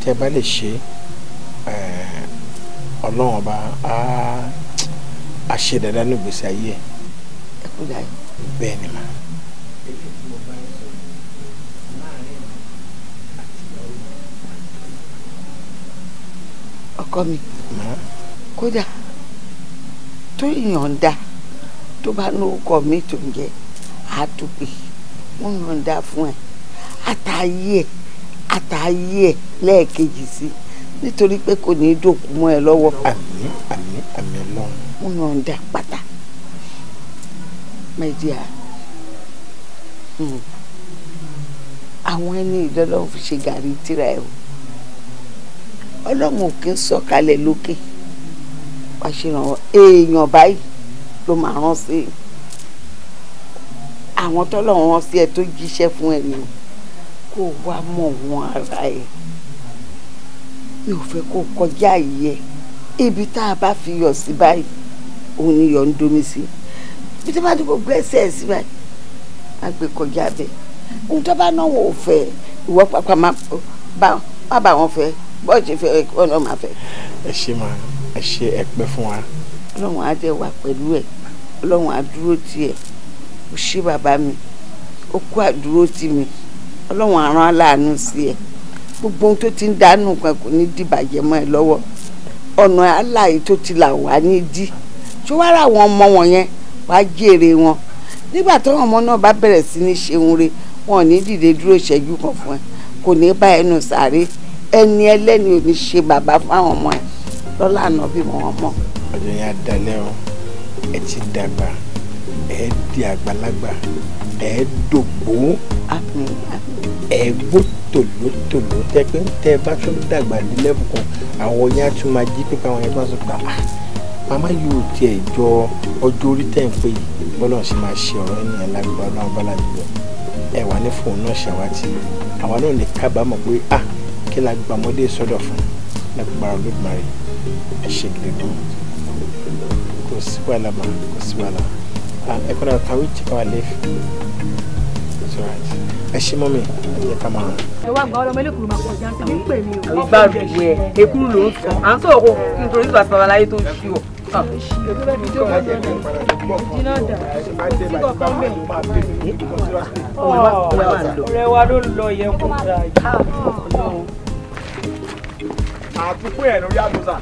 tẹ́ bá lè ṣe ọlọ́run ọba á ṣe dáadáa ní ìgbésí ayé ẹ̀ Ẹkúndayọ̀ ni mà. ọkọ mi kódà tó yọ̀ǹda tó bá ní orúkọ mi tó ń jẹ àtùpè wọn yọ̀ǹda fún ẹ àtàyè ẹ àtàyè ẹ lẹ́ẹ̀kejì sí nítorí pé kò ní í dòkú mọ́ ẹ lọ́wọ́. àmín àmín àmín Ọlọ́run. wọn yọ̀ǹda pátá my hmm, àwọn ẹni ìdọ́lọ́wọ́ fi ṣe gàrí tíra ẹ̀ o ọlọ́run ò kí ń sọ̀kalẹ̀ lókè wàá ṣèrànwọ́ èèyàn báyìí ló máa rán sí i àwọn tọ́lọ́run rán sí ẹ tó jíṣẹ́ fún ẹ nìyẹn kó wá mọ̀ wọn ara ẹ mi ò fẹ́ kó kọjá ìyẹ ibi tá a bá fi yọ̀ sí báyìí òun ni yọ̀ ń domi sí ibi tí wọ́n bá dúró gbẹ́sẹ̀ sí báyìí á gbé e kọjá bẹ́ẹ̀ ohun tó bá náwó ò fẹ́ ìwọ má bá wọn fẹ́ bó ṣe fẹ́ kọ́ ló máa fẹ́. ẹ ṣe máa ẹ ṣe ẹ pẹ́ fún wa. ọlọ́run á dẹ̀ wà pẹ̀lú ẹ̀ ọlọ́run á dúró tì ẹ̀ ó ṣe bàbá mi ó kó àdúró tì mí ọlọ́run á rán aláàánú sí ẹ̀ gbogbo ohun tó ti ń dánú kan kò ní dìbàjẹ́ mọ́ ẹ lọ́wọ́ ọ̀nà aláì tó ti là wá ní dí tí wàá rà àwọn ọmọ wọn yẹn wàá jèrè wọn nígbà táwọn ọmọ náà bá bẹ̀rẹ̀ sí ní ṣeun re wọn ò ní dìde dúró ìṣẹ́jú kan fún ẹ kò ní bá ẹnu sáré ẹni ẹlẹ́ni ò ní ṣe bàbá fáwọn ọmọ ẹ lọ́la àná bí wọ́n mọ̀. ọjọ́ yẹn á dalẹ́ o ẹ ti dàgbà ẹ di àgbàlagbà ẹ dògbó ẹ gbó tòlótòló tẹgbẹ́ tẹ bá tún dàgbà nílẹ̀ kan àwọn yẹn á tún máa jí pípa àwọn yẹn bá tún pa á màmá yóò tiẹ̀ jọ ọjọ́ orí tẹ̀ ń pè yìí bọ́lá ṣe máa ṣe ọ̀rọ̀ ènìyàn lágbára ọlọ́run bá láyé lọ ẹ wà ní fóònù náà ṣàwátì àwa náà lè kábàámọ̀ pé ah ṣe la gbàmọ́dé sọ́dọ̀ fún lágbára olódùmarè ẹ ṣe gidi gan kò sí wàhálà mà kò sí wàhálà ẹ kọ́ra kàwé check our life ẹ ṣe mọ́ mi ẹ jẹ́ ká máa. ẹ wá gba ọlọmọ elékùrú máa pọ̀ jáǹtà ní pè mí o. ìgbà rúwẹ èkúrú ló ń sọ à ń sọ òkú nítorí ìgbà tí babaláyé tó ń ṣí ọ. ọ̀rẹ́ wa ló ń lọ yẹn kó dáa jù àtúkú ẹ̀ lórí àgùsà.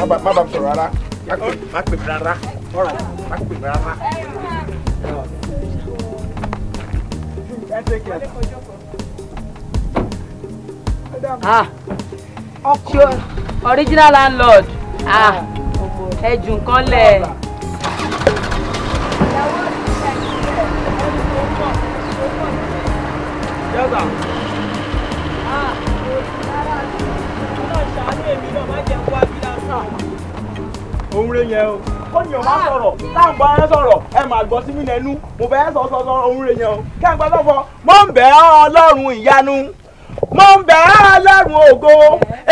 má bàa má sọ̀rọ̀ rárá má pè mí rárá ọ̀rọ̀ má pè mí rárá. ọkọ ah. original landlord ah. ẹ jù nǹkan lẹ̀. Yes, sir. èmi náà má jẹ́ wá bí lásán. yẹn o ó ní sọ̀rọ̀ táǹgbà ẹ sọ̀rọ̀ ẹ máa gbọ́ sí mi lẹ́nu mo bẹ̀ ẹ́ sọ sọ sọ òun rẹ yẹn o káǹgbà lọ́fọ̀ mo ń bẹ̀ ọ́ ọlọ́run ìyanu mo ń bẹ̀ ọ́ ọlọ́run ògo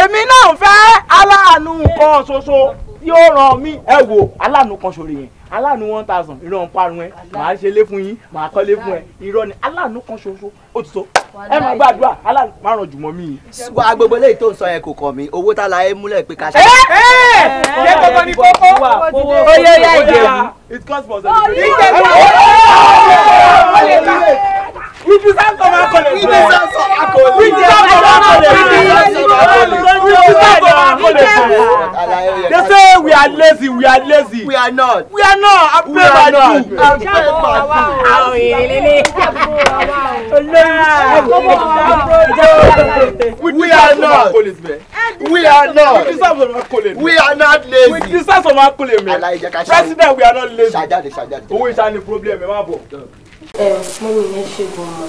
èmi náà ń fẹ́ aláàánú kan ṣoṣo tí ó ràn mí ẹ wò aláàánú kan ṣoṣo yẹn aláàánú one thousand ìran parun ẹ màá ṣe lé fún yín màá kọ́lé fún ẹ irọ́ ni aláàánú kan ṣoṣo ó ti tó ẹ máa gbàdúrà aláàlú márùn jùmọ̀ mí. wá gbogbo eléyìí tó ń sọ yẹn kò kàn mí owó tá la ẹ múlẹ̀ pé ká ṣe. ṣé kókó ni kókó oyè oyè ìjẹ̀bù. it costs for the. ìjẹ̀bù. With his hands on Akole. With his hands on Akole. With his hands on Akole. With his hands on Akole. They say we are lazy, we are lazy. We are not. We are not. I pray by you. I pray by you. We are not. We are not. We are not We lazy. With his hands on Akole, man. President, we are not lazy. Owó ìṣàní problem, ẹ má bọ̀ ẹ mọ mi yẹn ṣe gan-an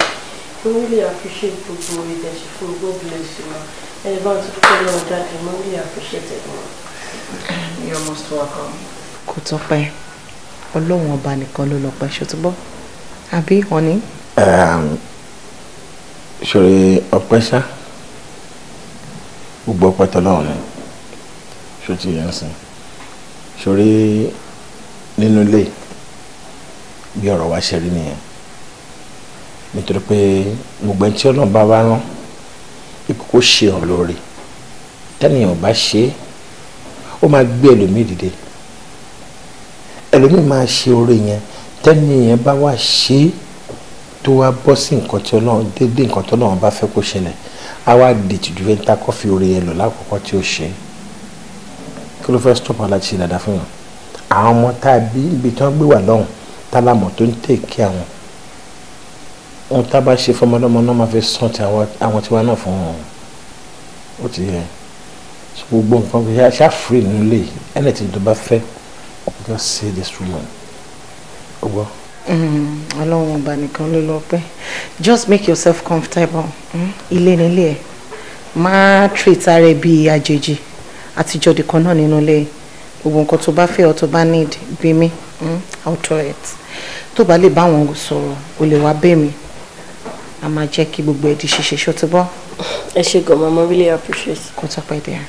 mo really appreciate gbogbo ìdẹ̀sí fún God bless you ma ẹ bá ń tún fẹ́ lọ́wọ́ dáadé mo really appreciate ẹ gan-an. you welcome. kò tán pẹ́ ọlọ́run ọba nìkan ló lọ pẹ́ ṣòtúbọ̀ àbí honey. ṣòro ọpẹ́ ṣá gbogbo ọpẹ́ tọ́lọ́run ni ṣó ti yẹn sìn ṣòro nínú ilé yìí bí ọ̀rọ̀ wa ṣe rí nìyẹn nítorí pé gbogbo ẹni tí ọlọ́run bá wá rán ipò kó ṣe hàn lóore tẹ́nìyàn ò bá ṣe é ó máa gbé ẹlòmíì dìde ẹlòmíì máa ṣe oore yẹn tẹ́nìyàn bá wá ṣe é tó wá bọ́ sí nǹkan tí ọlọ́run dédé nǹkan tí ọlọ́run bá fẹ́ kó ṣẹlẹ̀ á wá di tìjú fẹ́ ta kọ́fì oore yẹn lọ lákòókò tí ó ṣe kí ló fẹ́ stop aláṣẹ dáadáa fún yàn àwọn ọmọ tá a bí ibi tí wọ́n gbé wà lọ́hùn tálámọ̀ tó ń tèké àwọn ohun tá a bá ṣe fọmọdọ́mọ náà máa fi sàn ti àwọn tiwa náà fún wọn ó ti yẹ gbogbo nǹkan fi ṣá fìrí nílé anything tó bá fẹ́ just say this woman ó gbọ́. Mm-hmm. ọlọ́run ọba nìkan ló lọ pẹ́ just make yourself comfortable hmm? ilé nílé ẹ̀ máa treat ara ẹ bíi àjèjì àtijọ́ dìkan náà nínú ilé gbogbo nǹkan tó bá fẹ́ ọ tó bá need bí mi. Hmm? I'll try it. Tó bá lè bá wọn sọ̀rọ̀, o lè wá bẹ̀ mí. A máa jẹ́ kí gbogbo ẹ̀ di ṣiṣẹ́ ṣó ti bọ́. Ẹ ṣe gan, mama really appreciate. Kò tó pẹ́ díẹ̀.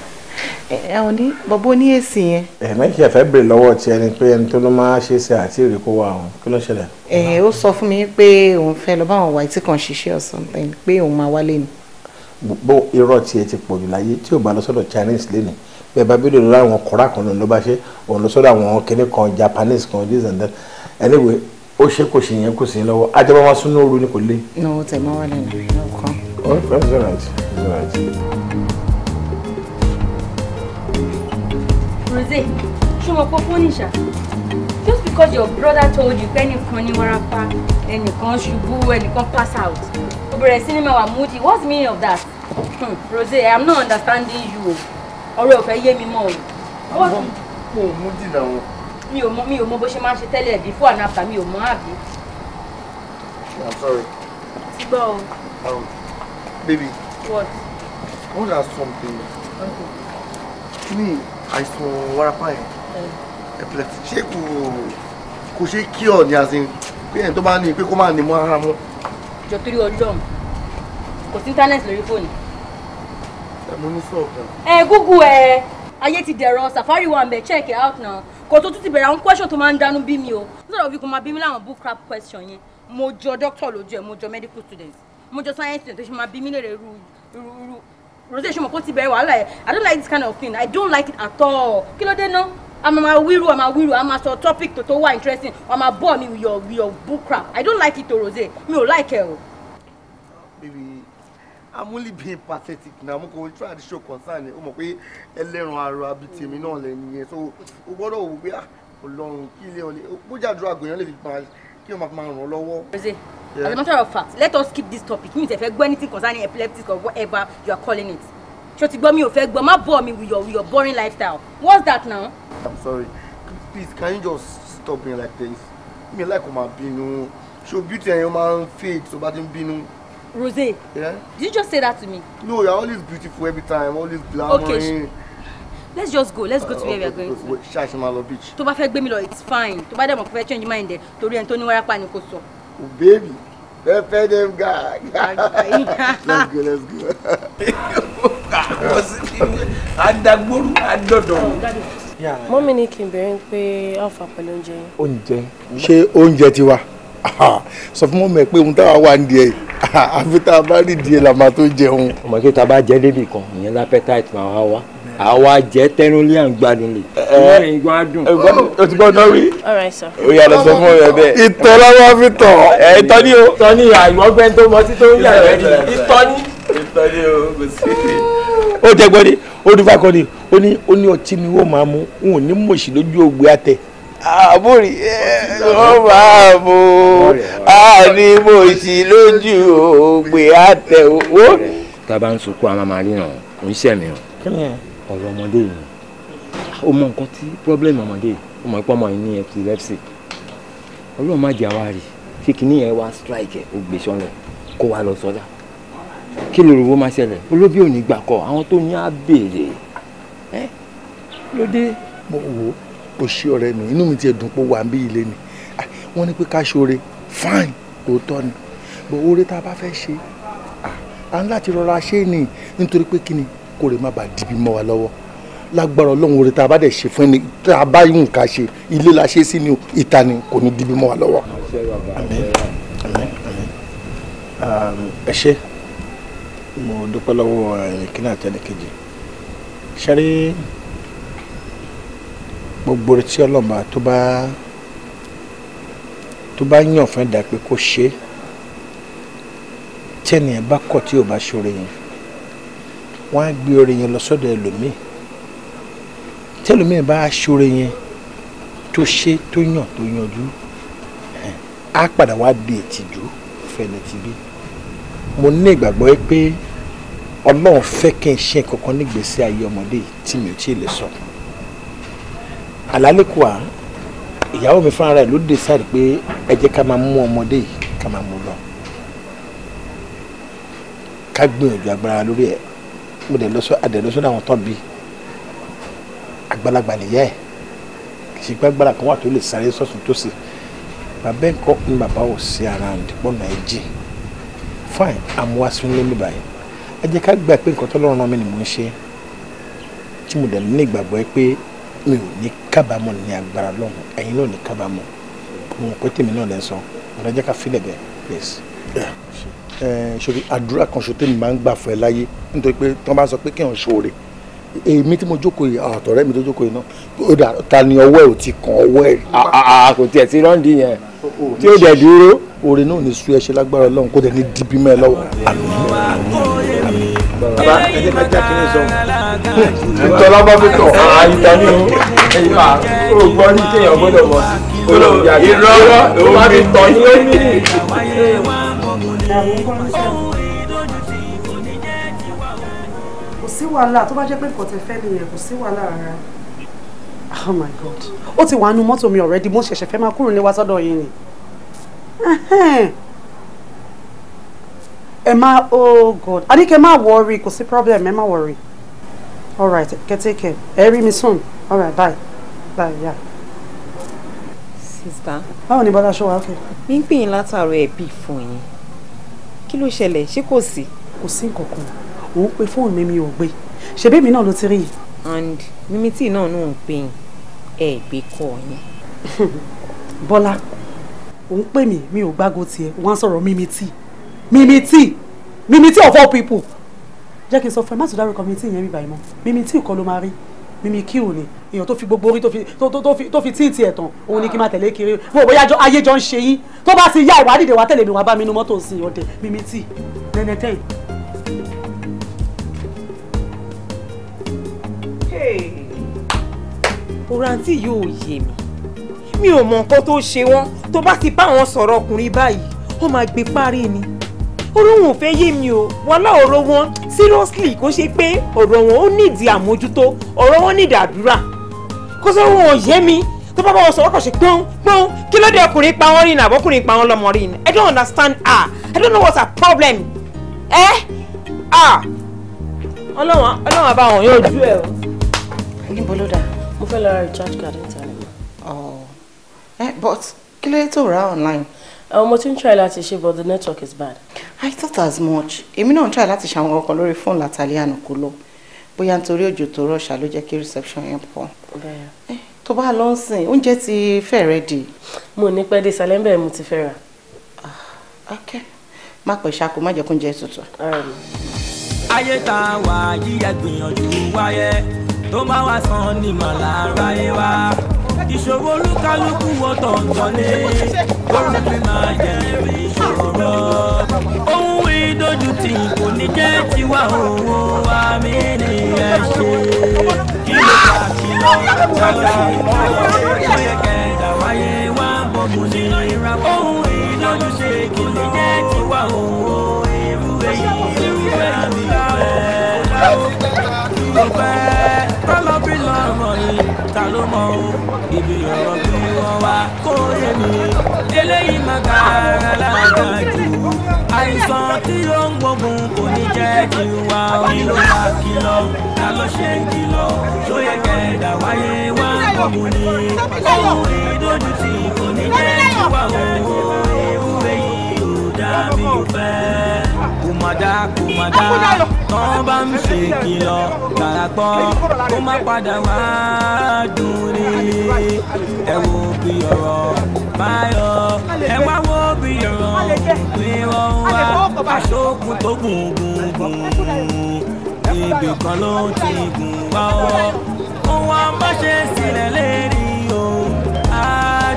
Ẹ ò ní bọ́bọ́ ní èsì yẹn. Ẹ mẹ́kì ẹ̀fẹ́ bèrè lọ́wọ́ ti ẹni pé ẹni tó ló máa ṣe ṣe àti èrè kó wá òun. Kí ló ṣẹlẹ̀? Ẹ ó sọ fún mi pé òun fẹ́ lọ bá àwọn wáìtì kan ṣiṣẹ́ or something pé òun máa wálé ni. Gbogbo irọ́ tiẹ̀ ti pọ̀ jù láyé tí ò bá lọ sọ́dọ̀ Chinese lénìí bẹ́ẹ̀ bá bílò lórí àwọn kan ló bá ṣe òun lọ sọ́dọ̀ àwọn kinní kan Japanese kan this and that anyway ó ṣe kò ṣe yẹn kò sí lọ́wọ́ ajẹ́pọ̀ máa sún ní òru ni kò lé. ní owó tẹ̀ mọ́ wọlé náà ní ọkọ. all right all right all right. Rose ṣé mo pọ́ fún nìṣà just because your brother told you pé ẹnìkan ní wárápá ẹnìkan ṣubú ẹnìkan pass out ó bẹ̀rẹ̀ sí ní mẹ́wàá moody what's the meaning of that hmm, Rose I'm not understanding you o ọ̀rọ̀ ò fẹ́ yé mi mọ́ o. àwọn kò mú dìnnà wọn. mi ò mọ mi ò mọ bó ṣe máa ń ṣe tẹ́lẹ̀ before and after mi ò mọ àbí. I'm sorry. ti gbọ́ o. Um, baby. what. I wan ask something. kí ni àìsàn warapa yẹn eh. epilepsy ṣé kò kò ṣe kí ọ ní àsìn pé ẹni tó bá ní pé kó má ní mọ́ ara mọ́. jọ torí ọjọ́ kò sí íńtánẹ́ẹ̀tì lórí fóònù mo ní sọ̀bù. ẹ google ẹ ayé ti dẹ̀rọ safari wa mbẹ check it out now kò tó tún ti bẹ̀rẹ̀ àwọn question tó máa ń dánú bí mi o nítorí òbí kò máa bí mi láwọn book crap question yẹn mo jọ doctor lójú ẹ mo jọ medical student mo jọ science student tó ṣe máa bí mi lèrè irú irú irú rotation mo kò ti bẹ̀rẹ̀ wàhálà ẹ i don't like this kind of thing i don't like it at all kí ló dé náà a máa wíru a máa wíru a máa sọ topic tó tó wà interesting a máa bore mi with your with your book crap i don't like it o Rose mi ò like ẹ o. baby I'm only being pathetic now mo kò try to show concern o mọ̀ pé ẹlẹ́ran ara bíi tèmi so o gbọ́dọ̀ wò pé ah, ọlọ́run kí ilé ọlẹ́ bójú àdúrà gbìyànjú lè fi You kí wọ́n máa fi máa ràn ọ́ lọ́wọ́. as a matter of fact let us keep this topic You ò tẹ̀ fẹ́ gbọ́ anything concerning epileptic or whatever you are calling it ṣó to bore me, ò fẹ́ gbọ́ bore me with your with your boring lifestyle what's that now. i'm sorry please can you just stop being like this Me like o ma bínú so beauty ẹ̀yin your ma n fade tó bá ti ń Rosé. yeah? did you just say that to me? No, you're always beautiful every time, always glamour. Okay, let's just go let's go uh, to uh, where okay, we are going to. ṣáà ṣe máa beach. To bá fẹ́ gbé it's fine To bá dẹ̀ mọ̀ fẹ́ change mind ẹ̀ torí ẹni tó ní wárápá ni kò oh, baby fẹ́ fẹ́ dem guy. let's go let's go. adagboru adọdọ. mọ́mí ni kì í bẹ̀rẹ̀ pé alfa pẹ̀lú oúnjẹ yẹn. oúnjẹ ṣé oúnjẹ ti wà. sọ fún mọ́mọ́ ẹ pé ohun táwa wà ní díẹ̀ àfi tá a bá rí díẹ̀ la máa tó jẹun. ọmọ kí tá a bá jẹ débì kan ìyẹn lápẹ́tàìtì máa wá wá àwa jẹ tẹnulẹ à ń gbádùn lè. Eh, ẹ ẹ gbádùn. Eh, o ti gbọ́ náà wí. o yà lọ sọ fún ọ̀rẹ́ bẹ́ẹ̀. ìtọ̀ lọ́wọ́ fi tọ̀. ẹ eh, ìtọ̀ o. ìtọ̀ ni àìmọ́gbẹ́ tó mọ títí ó ń ni. ìtọ̀ ni o kò sí. ó jẹ gbọ́dí ó dúpá kan ni ó ní ọtí ni ó máa mú òun ò ní mọ̀ọ́sì lójú ògbé àtẹ àbórí ọba àbò àní mo sì lójú ògbé àtẹwò. tábà ń sunkún àwọn máa ríran kò ń ṣẹ̀mí o ọ̀rọ̀ ọmọdé yìí ó mọ nǹkan tí pọ́blẹ́mù ọmọdé yìí ó mọ̀ pé ọmọ yìí ní epilepsy ọlọ́run má jẹ́ àwa rí kí kinní yẹn wá strike ẹ̀ ó gbé kó wa lọ sọ́dà kí ló rògbò má ṣẹlẹ̀ olóbí ò ní gbà kọ́ àwọn tó ní á béèrè ẹ́ lóde mo wò ó o ṣé ọ̀rẹ́ mi inú mi ti dùn pé wà ń bí ilé ni ah, wọ́n ní pé ká ṣoore fine lóòótọ́ ni bọ̀ oore tá a bá fẹ́ ṣe à ah, ń láti rọra ṣe ni nítorí pé kí ni kò lè má bàa dìbì mọ́ wa lọ́wọ́ lágbára ọlọ́run oore tá a bá dẹ̀ ṣe fún ni tá a bá yùn ká ṣe ilé la ṣe sí ni ìta ni kò ní dìbì mọ́ wa lọ́wọ́. ẹ ṣé mo dúpẹ́ lọ́wọ́ ẹ̀yìn kí náà tẹ́lẹ̀ kejì ṣẹ́rí gbogbo tí ọlọ́mà tó bá tó bá yàn fún ẹ̀dá pé kó ṣe é tẹ́nìyàn bá kọ̀ tí ò bá ṣoore yẹn wọ́n á gbé oore yẹn lọ sọ́dọ̀ ẹlòmíì tẹ́lòmíì bá ṣoore yẹn tó ṣe tó yàn tó yanjú á padà wá di ìtìjú fẹ̀lẹ̀ tìbí mo ní ìgbàgbọ́ pé ọlọ́run fẹ́ kí n ṣe nǹkan kan nígbèésí ayé ọmọdé tí mi ò tí ì lè sọ. So àlálẹ́kùá ìyàwó mi fúnra rẹ̀ ló decide pé ẹ jẹ́ ká máa mú ọmọdé yìí ká máa mú lọ ká gbìyànjú agbára lórí ẹ̀ mo dẹ̀ lọ sọ adẹ̀ lọ sọ́dọ̀ àwọn tán bíi àgbàlagbà nìyá ẹ̀ kì í ṣe pé kan wà tó lè sáré sọ́sùn tó sì bàbá ẹ̀kọ́ ni bàbá ò sí ara àdìpọ̀ náà jì fine amúhásùn lé mi báyìí ẹ jẹ́ ká gbà pé nǹkan tó lọ́rùn mi ni mò ń ṣe tí mo dẹ̀ ní ìgbàgbọ́ pé mi ò ní kábàámọ̀ ní agbára lọ́hùn ẹ̀yin náà ní kábàámọ̀ mo mọ̀ pé tèmi náà lẹ́ sọ ọ̀rọ̀ jẹ́ ká filẹ̀ bẹ́ẹ̀ please. ẹ ṣòrí àdúrà kan ṣo tèmi máa ń gbà fún ẹ láyé nítorí pé tí wọ́n bá sọ pé kéèyàn ṣoore èmi tí mo jókòó yìí àtọ̀rẹ́ mi tó jókòó yìí náà ó dà ta ni ọwọ́ ẹ̀ ò ti kàn ọwọ́ ẹ̀. kò tiẹ̀ sí rọ́ǹdì yẹn tí ó dẹ̀ dúró. oore náà ní sú ẹṣẹ lágbára Ọlọ́run kó dẹ̀ ní dìbí mẹ́ẹ̀ lọ́wọ́. àmín àmín àmín. bàbá ẹ jẹ́ ká jákè ìtọ́lá bá fi tọ̀ àyíká ní ẹ̀yìn máa ó gbọ́ ní kéèyàn gbọ́dọ̀ mọ̀ sí olóòyà irọ́ ó má fi tọ̀ ní omi. kò sí wàhálà tó bá jẹ́ pé nǹkan tẹ fẹ́ nìyẹn kò sí wàhálà rárá. oh my god ó ti wà nú mọ́tò mi already mo ṣẹ̀ṣẹ̀ fẹ́ máa kúrò ní wá sọ́dọ̀ ni ẹ má oh god àníkẹ́ má wọrí kò sí problem ẹ má wọrí all right get take care ẹ rí soon all right bye bye yeah. Sister, how ni bọ́lá show? afẹ́. mi ń pè yín látàárọ̀ ẹ̀bí fún yín kí ló ṣẹlẹ̀ ṣé kò sí. kò sí nǹkan kan òun pe fóònù mi ò gbé ṣebí èmi náà ló ti rí i. and mímítì náà ló ń pè yín ẹ gbé kọ yín. bọ́lá òun pè mí mi ò gbágo tiẹ̀ wọ́n á sọ̀rọ̀ mímítì mímítì mímítì of all people jẹ́ kí n sọ fún ẹ má tún dárúkọ mi tí ìyẹn rí báyìí mọ́ mímí tí ìkọlù máa rí mímí kí òní èèyàn tó fi gbogbo orí tó fi tíìtì ẹ̀ tán òun ni kí n máa tẹ̀lé kiri mo ò bóyá ayé jọ ń ṣe yín tó bá ti yá ìwádìí wa tẹ̀lé mi wá bá mi inú mọ́tò sí ọ̀dẹ̀ mímí tí nẹ́nẹ́tẹ́ òrántí yóò yé mi mi ò mọ nǹkan tó ṣe wọn tó bá ti bá wọn sọ̀rọ̀ ọkùnrin báyìí wọ́n máa gbé párí ni orúhùn fẹ́ yé mi o wọn lá ọ̀rọ̀ wọn seriously kó ṣe pé ọ̀rọ̀ wọn ó nídìí àmójútó ọ̀rọ̀ wọn nídìí àdúrà kó sọ wọn ò yé mi tó bá bá wọn sọ̀rọ̀ kàn ṣe pọ́n pọ́n kí ló ọkùnrin pa wọn rí àbọ̀kùnrin pa wọn lọ́mọ rí I don't understand ah I don't know what's her problem ẹ ah ọlọ́wọ́n ọlọ́wọ́n àbáwọn yóò jú ẹ o. níbo mo fẹ́ lọ ra recharge card ní tàlẹ́ mọ́. ẹ but kí ló dé tó rà online àwọn ọmọ tí ń try láti ṣe but the network is bad. I thought as much èmi náà ń try láti ṣe àwọn ọkọ̀ lórí fóònù látàlẹ́ àná kò lọ bóyá nítorí òjò tó rọ̀ṣà ló jẹ́ kí reception yẹn pọ̀. Eh, tó bá lọ ń sìn oúnjẹ ti fẹ́ rẹ dì. mo ní pẹ́ dé ìsàlẹ̀ ńbẹ̀ mo ti fẹ́ ah, ok má pẹ̀ ṣáko má jẹ́ kó oúnjẹ tutù. ayé tá a wà yíyá gbìyànjú wáyé tó bá wá san ni màlá ráyé wá ìṣòro olúkálùkù wọn tọ̀ǹtọ̀ lé kóró fi máa jẹ ìṣòro ohun ìdójútì kò ní jẹ́ tiwa òwò wa mi ni ẹ ṣe kí ló bá kí lọ kálá ìmọ̀lẹ́ ó yẹ kẹta wáyé wá bọ̀mù ní ìra ohun ìdójútì kò ní jẹ́ tiwa òwò irú èyí irú èyí fẹ́ ló fẹ́ kọ́lọ́ lọ́rọ̀ yìí ta ló mọ̀ o níbi ọ̀rọ̀ bí wọ́n wá kó yé mi eléyìí máa ga ara lága jù àìsàn tí ó ń gbógun kò ní jẹ́ kí wá orí ló wá kìlọ̀ ta ló ṣe ń kìlọ̀ tó yẹ kẹ̀dà wáyé wá gbógun ni ohun ìdójútì kò ní jẹ́ kí wá owó ewu ara mi ò fẹ́. kò má dá kò má dá tán bá ń ṣe kìlọ̀ kàràpọ̀ kó má padà wá dùn ní. ẹ wo bí ọ̀rọ̀ báyọ̀ ẹ wá wo bí ọ̀rọ̀ pé wọ́n wá aṣọ́kùn tó gùn gùn gùn ibì kan ló ti gùn wá ọ́ ohun àbáṣe sílẹ̀ lérí o á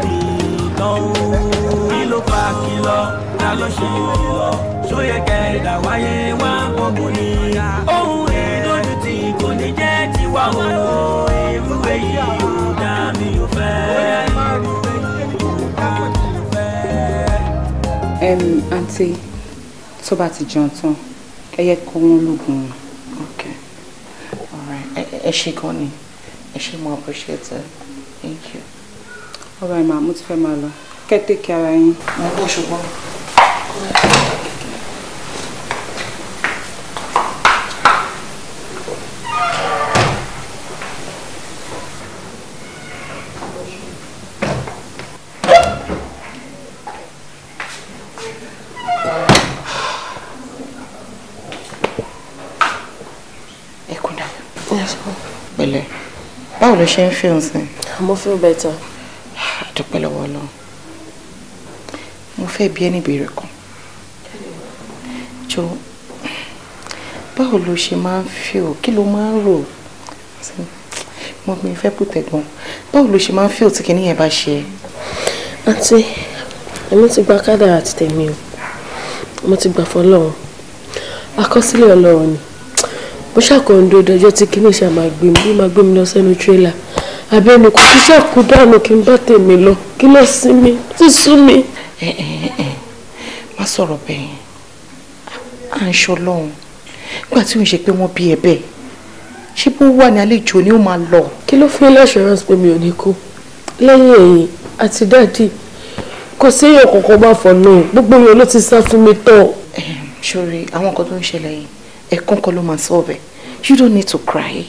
dì í tán o kí ló fa kìlọ̀ ta ló ṣe ṣóyẹ kẹdà wáyé wá gbọ́gbọ́ ni ohun ìdójú tí kò ní jẹ́ tiwa o ìrúwé yìí ò dá mi ò fẹ́. àǹtí tó bá ti jẹun tán ẹ yẹ kó wọn lóògùn okay all right ẹ ṣe gan ni ẹ ṣe mo appreciate it thank you. all right ma mo ti fẹ́ máa lọ kẹ́ ara yín. mo kó ṣùgbọ́n báwo ló ṣe ń fi hàn sí. mo feel better. àdúpẹ́ lọ́wọ́ ọlọ́run mo fẹ́ bi ẹni béèrè kan jọ báwo ló ṣe máa ń fi ò kí ló máa ń rò mo mi fẹ́ kú tẹ̀gbọ́n báwo ló ṣe máa ń fi ò tí kìíní yẹn bá ṣe. àǹtí èmi ti gba kádàrá ti tèmi o mo ti gbà fọlọ́run àkọsílẹ̀ ọlọ́run ni mo ṣàkóso ndó dọjọ́ tí kìíní ṣe máa gbé mi máa gbé mi lọ sẹ́nu tírélà àbí ẹnu kò kí ṣàkó dànù kí n bá tèmi lọ kí lọ sí mi ti mi. ẹ ẹ ẹ má sọ̀rọ̀ bẹ́ẹ̀ à ń ṣọlọ́run nígbà tí òun ṣe pé wọ́n bí ẹ bẹ́ẹ̀ ṣé bó wà ní àlejò ni ó máa lọ. kí ló fún láṣọránsì pé mi ò ní kú lẹ́yìn ẹ̀yìn àti dáàdì kò séèyàn kankan bá fọ̀ gbogbo mi ló ti sá fún mi tán. sori ehm, àwọn nǹkan tó ń ṣẹlẹ̀ yìí ẹ̀kún kan ló máa sọ ọbẹ̀ you don't need to cry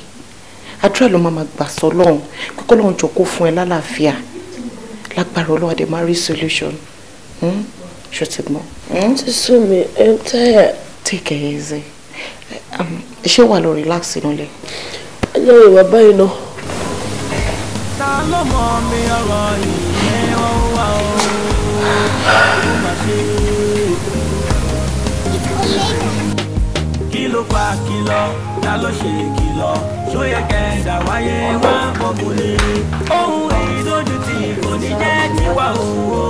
àdúrà ló máa gbà sọ lọ́hùn kókó lọ́hùn jọ kó fún ẹ lálàáfíà lágbára ọlọ́wà dé máa rí solution hmm? ṣùtìgbọ́n. Hmm? sísun mi ẹ ń tẹ́yà take it easy um, ṣé wà lọ relax nílẹ̀. ẹjọ́ ìwà báyìí náà. ta ló mọ mi ọ̀rọ̀ ìyẹn ó wà ó ó mà ṣe. kí ló fa kìlọ̀ ta ló ṣe kìlọ̀ ṣó yẹ kẹ́ńdà wáyé wá ni ohun ti kò ní jẹ́ tiwa òwò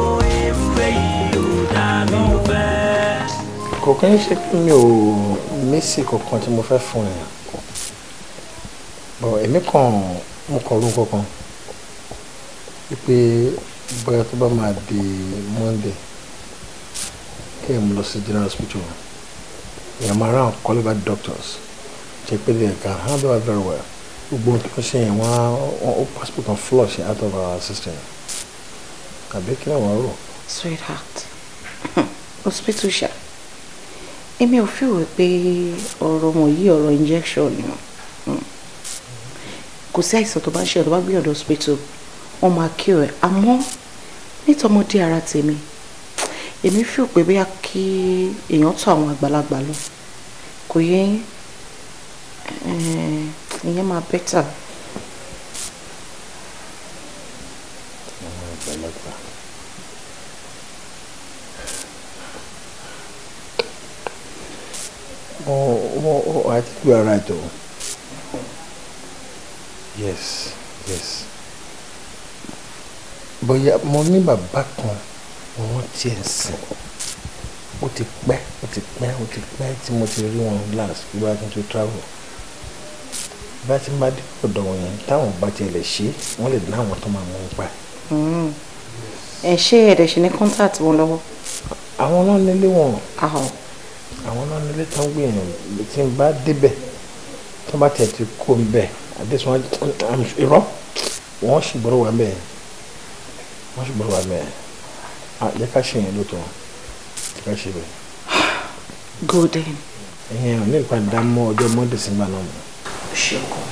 ewúrẹ́ yìí ò dá mi kò kí n ṣe pé mi ò mísì kankan tí mo fẹ́ fún ẹ bọ̀ èmi kàn mo kàn lóun kankan wípé bóyá tó bá máa di Monday kí ẹ̀ mú lọ sí general hospital ìyá máa rán kọ́lébà doctors ṣe pé they can handle her very well gbogbo ohun tó ṣe yẹn wọ́n ó possible kan flush out of our system àbí kí ni àwọn rò. sweetheart hospital ṣáà èmi ò fi wò pé ọ̀rọ̀ wọ̀nyí ọ̀rọ̀ injection ni hmm. kò sí àìsàn tó bá ń ṣe ọ̀dọ́ bá gbé hospital wọ́n máa kí ọ̀ ẹ̀ àmọ́ nítọmọdé ara tèmi èmi fi pé bóyá kí èèyàn tó àwọn àgbàlagbà lọ kò yẹ eh, ìyẹn máa bẹ́tà. Oh, oh, I think we are right, though. Yes, yes. Bóyá mo ní bàbá kan wọ́n ti ń sìn. Ó ti pẹ́, ó ti pẹ́, ó ti pẹ́ tí mo ti rí wọn last We are going to travel. Bá ti máa dé ọ̀dọ̀ wọn yẹn táwọn bá tiẹ̀ lè ṣe wọ́n lè láwọn tó máa mú un pa. Hmm. Ẹ ṣé ẹ̀dẹ̀ ṣe ní contact wọn lọ́wọ́. Àwọn náà nílé wọn àwọn náà nílé tán gbìyànjú tí n bá débẹ̀ tó bá tẹ̀ ti kó n bẹ̀ àdéṣùn irọ́ wọ́n sì gbọ́dọ̀ wà mẹ́ẹ̀ wọ́n sì gbọ́dọ̀ wà mẹ́ẹ̀ yẹ ká ṣe yẹn lóòótọ́ yẹ ká ṣe bẹ́ẹ̀. golden. ẹ̀yin ò ní ìpadà mọ́ ọjọ́ monday sí gbàgbọ́ mọ́. ṣẹ́gun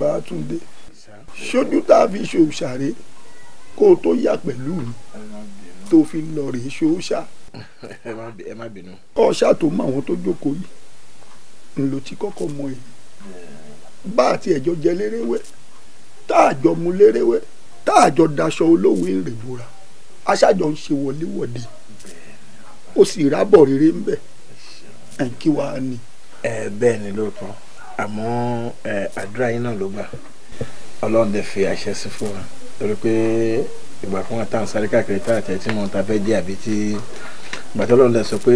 bàtúndé ṣojú tá a fi ṣòṣàrè kó o tó yà pẹ̀lú mi tó fi lọ rèé ṣóṣà. ẹ má bínú. ọ̀ṣà tó mọ àwọn tó jókòó yìí ń lo ti kọ́kọ́ mọ èyí bá àti ẹ̀jọ́ jẹ lérewé tá àjọ mu lérewé tá àjọ daṣọ olówó ìrìnbùra aṣáájọ ń ṣe wọléwọ̀de ó sì rábọ̀ rere ń bẹ̀ ẹ̀ kí wàá ni. ẹ bẹ́ẹ̀ ni lóòótọ́ àmọ́ àdúrà yín náà ló gbà ọlọ́run dẹ̀ fi àṣẹ sí fún wa torí pé ìgbà fún wọn tá à ń sáré káàkiri tá àtẹ tí mo ta fẹ́ jẹ́ àbí tí gbàtọ́ lọ́n lẹ sọ pé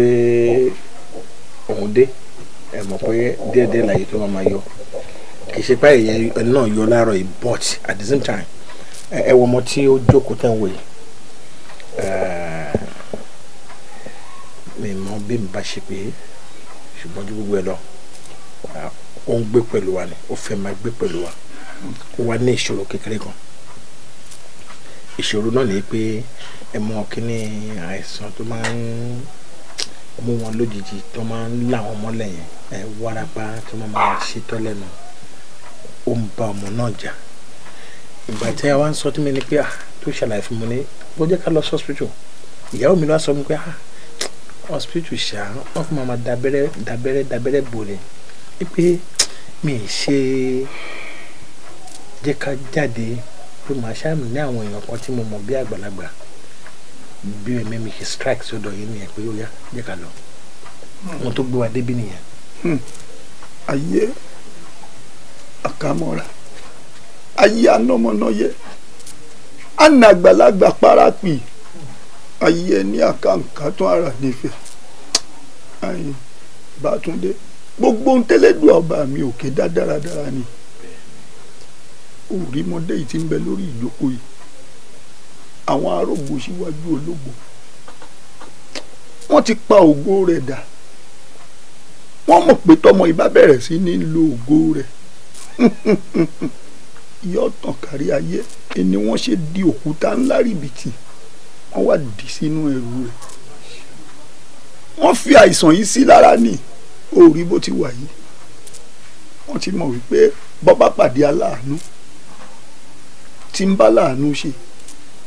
òun dé ẹ mọ̀ pé díẹ̀díẹ̀ láyé tó máa yọ ìṣepá ẹ̀yẹ náà yọ láàárọ̀ yìí but at the same time ẹ wọ ọmọ tí ó jókòó tẹ̀ ń wò yìí mi mọ bí mi bá ṣe pé ṣùgbọ́n ju gbogbo ẹ lọ ó ń gbé pẹ̀lú wa ni ó fẹ́ máa gbé pẹ̀lú wa ó wá ní ìṣòro kékeré kan ìṣòro náà ni pé ẹ mọ kíní àìsàn tó máa ń mú wọn lójijì tó máa ń là wọn mọ́lẹ̀ yẹn ẹ wárápá tó máa máa ṣe tọ́lẹ̀ ó ń ba ọmọ náà jà ìgbà tí a wá ń sọ tí mi ni pé ah tó ṣàlàyé fún mi ní bó jẹ́ ká lọ sí hospital ìyàwó mi ló wá sọ mi pé ah hospital ṣá wọn kò máa ma dabẹ́rẹ́ dabẹ́rẹ́ dabẹ́rẹ́ bò ni pé mi ì ṣe jẹ́ ká jáde pé màá ṣáàmì ní àwọn èèyàn kan tí mo mọ̀ bí àgbàlagbà bí ẹ̀mí mi ṣe strike sọ́dọ̀ yìí nìyẹn pé ó yá jẹ́ ká lọ wọn tó gbé wa débi nìyẹn. ayé àkàmọ́ra ayé anọ́mọ́náyé àna àgbàlagbà parapì ayé ní àkàǹkà tún ara nífẹ̀ ayé bàtúndé gbogbo ń tẹ́lẹ̀ dùn ọba mi òkè dá dáradára ni. Hmm òrìmọdé yìí ti ń bẹ lórí ìjókòó yìí àwọn arógbó síwájú ológbò wọ́n ti pa ògo rẹ̀ dà wọ́n mọ̀ pé tọmọ ìbá bẹ̀rẹ̀ sí ní lo ògo rẹ̀ yóò tàn kárí ayé ni wọ́n ṣe di òkúta ńlá rìbìtì wọ́n wá dì sínú ẹrù rẹ̀ wọ́n fi àìsàn yìí sí lára ní òòrí bó ti wà yìí wọ́n ti mọ̀ wípé bọ́ pàdé aláàánú tí ń bá láàánú ṣe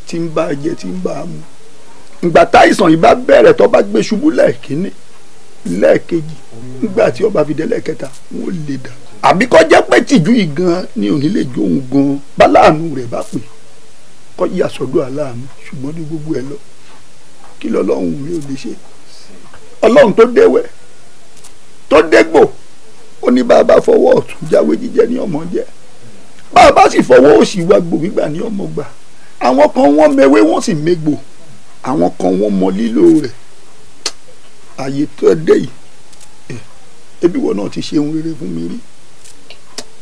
tí ń bá jẹ tí ń bá mu ìgbà táìsàn yìí bá bẹ̀rẹ̀ tó bá gbé ṣubú lẹ́ẹ̀kínní lẹ́ẹ̀kejì nígbà tí ó bá fi dé lẹ́ẹ̀kẹta wọn ò lè dà àbí kọ́ jẹ́ pé tìjú yìí gan ni òní lè jó òun gan bá láàánú rẹ̀ bá pè kọ́ yí àsọdún aláàánú ṣùgbọ́n ní gbogbo ẹ lọ kí lọ́lọ́run mi ò lè ṣe ọlọ́run tó déwẹ̀ tó dégbò ó ní bàbá fọwọ́ ọ̀tún jáwé jíjẹ ní ọmọ jẹ́ bàbá sì fọwọ́ òsì wá gbòmí gbà ní ọmọ gbà àwọn kan wọ́n mewé wọ́n sì megbò àwọn kan wọ́n mọ lílò rẹ̀ àyè tó dé yìí ebi wọn náà ti ṣe ohun rere fún mi rí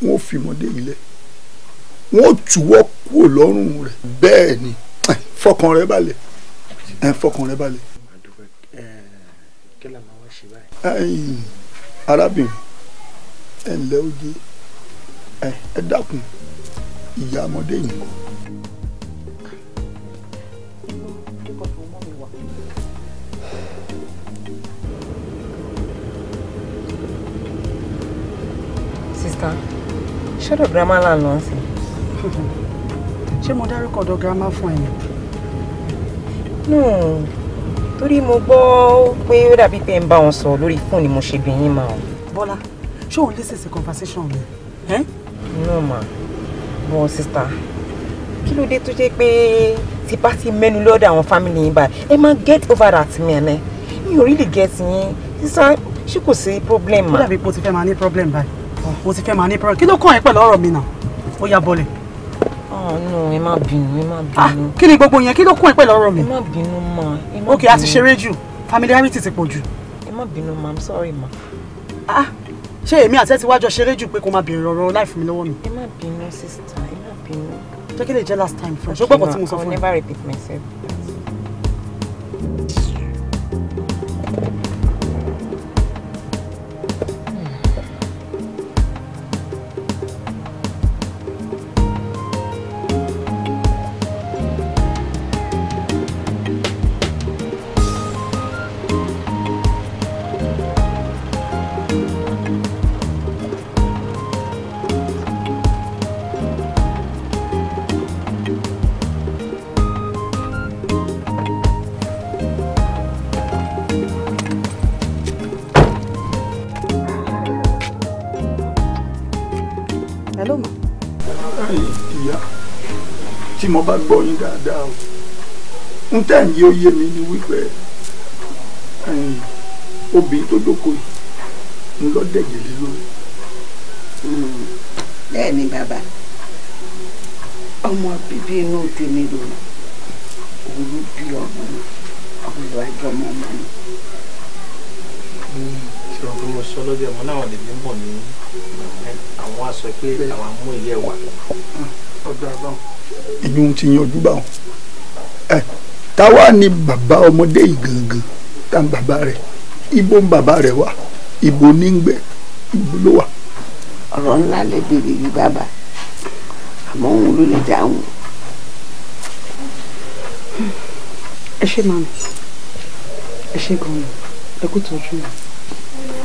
wọn ò fìmọ̀dé ilẹ̀ wọn ò túwọ́ kúrò lọ́rùn rẹ̀ bẹ́ẹ̀ ni fọkàn rẹ balẹ̀ fọkàn rẹ balẹ̀. arábìnrin ẹ ǹlẹ́ oje ẹ dákun ìyá ọmọdé yìí kọ. sista ṣọ́dọ̀ girama là ń lọ sí. ṣé mo dárúkọ ọ̀dọ̀ girama fún ẹ ni. torí mo gbọ́ pé ó dàbí pé ń bá wọn sọ lórí fóònù mo ṣe bí yín mà o. bọ́lá ṣé òun lè ṣèṣe conversation mi. no ma wọn sista kí ló dé tó jẹ́ pé tí bá ti mẹ́nu àwọn family yín báyìí ẹ máa get over that man ẹ mi ò really get me. sísá ṣé kò sí problem ma. ó dàbí pé o ti fẹ́ máa ní problem báyìí o ti fẹ́ máa ní problem kí ló kàn ẹ́ pẹ̀lú ọ̀rọ̀ mi náà ó yá bọ́lẹ̀. ọ̀nù oh, ẹ má bínú ẹ má ah, bínú. kí ni gbogbo yẹn kí ló kàn ẹ́ pẹ̀lú ọ̀rọ̀ mi. ẹ má bínú ma ẹ má bínú. ok a ti ṣeré jù familiarity ti pọ̀ jù. ẹ má bínú ma i'm sorry ma. ah ṣé èmi àti ẹ ti wájọ ṣeré jù pé kó máa bèrè ọ̀rọ̀ láì fún mi lọ́wọ́ mi. ẹ má bínú sísá ẹ má bínú. jẹ́ kí lè jẹ́ last time fún ẹ ṣó gbọ́kàn tí mo sọ fún ẹ. I will never repeat myself. mo bá gbọ́ yín dáadáa o ń tẹ̀ ń yé oyé mi ni wípé obìnrin tó jókòó yìí ń lọ dẹ̀gẹ̀lẹ́ lórí. bẹ́ẹ̀ ni bàbá ọmọ bíbí inú tèmi lò òun ló bí ọmọ mi ọmọ àjọ ọmọ mi. Hmm, ṣé wọn bí mo sọ lọ́jọ́ ìmọ̀ náà lè bí ní àwọn aṣọ pé àwọn amú ilé wa. ọ̀dọ̀ àbáwọn ìyún ti yanjú bá wọn ẹ táwa ni bàbá ọmọdé yìí tá n bàbá rẹ ibo ń bàbá rẹ wà ibo ní ń gbé ibo ló wà. ọ̀rọ̀ ńlá lè béèrè yìí bàbá àmọ́ òun ló lè dáhùn. ẹ ṣe màmí ẹ ṣe gan-an ẹ kú tọ́jú mi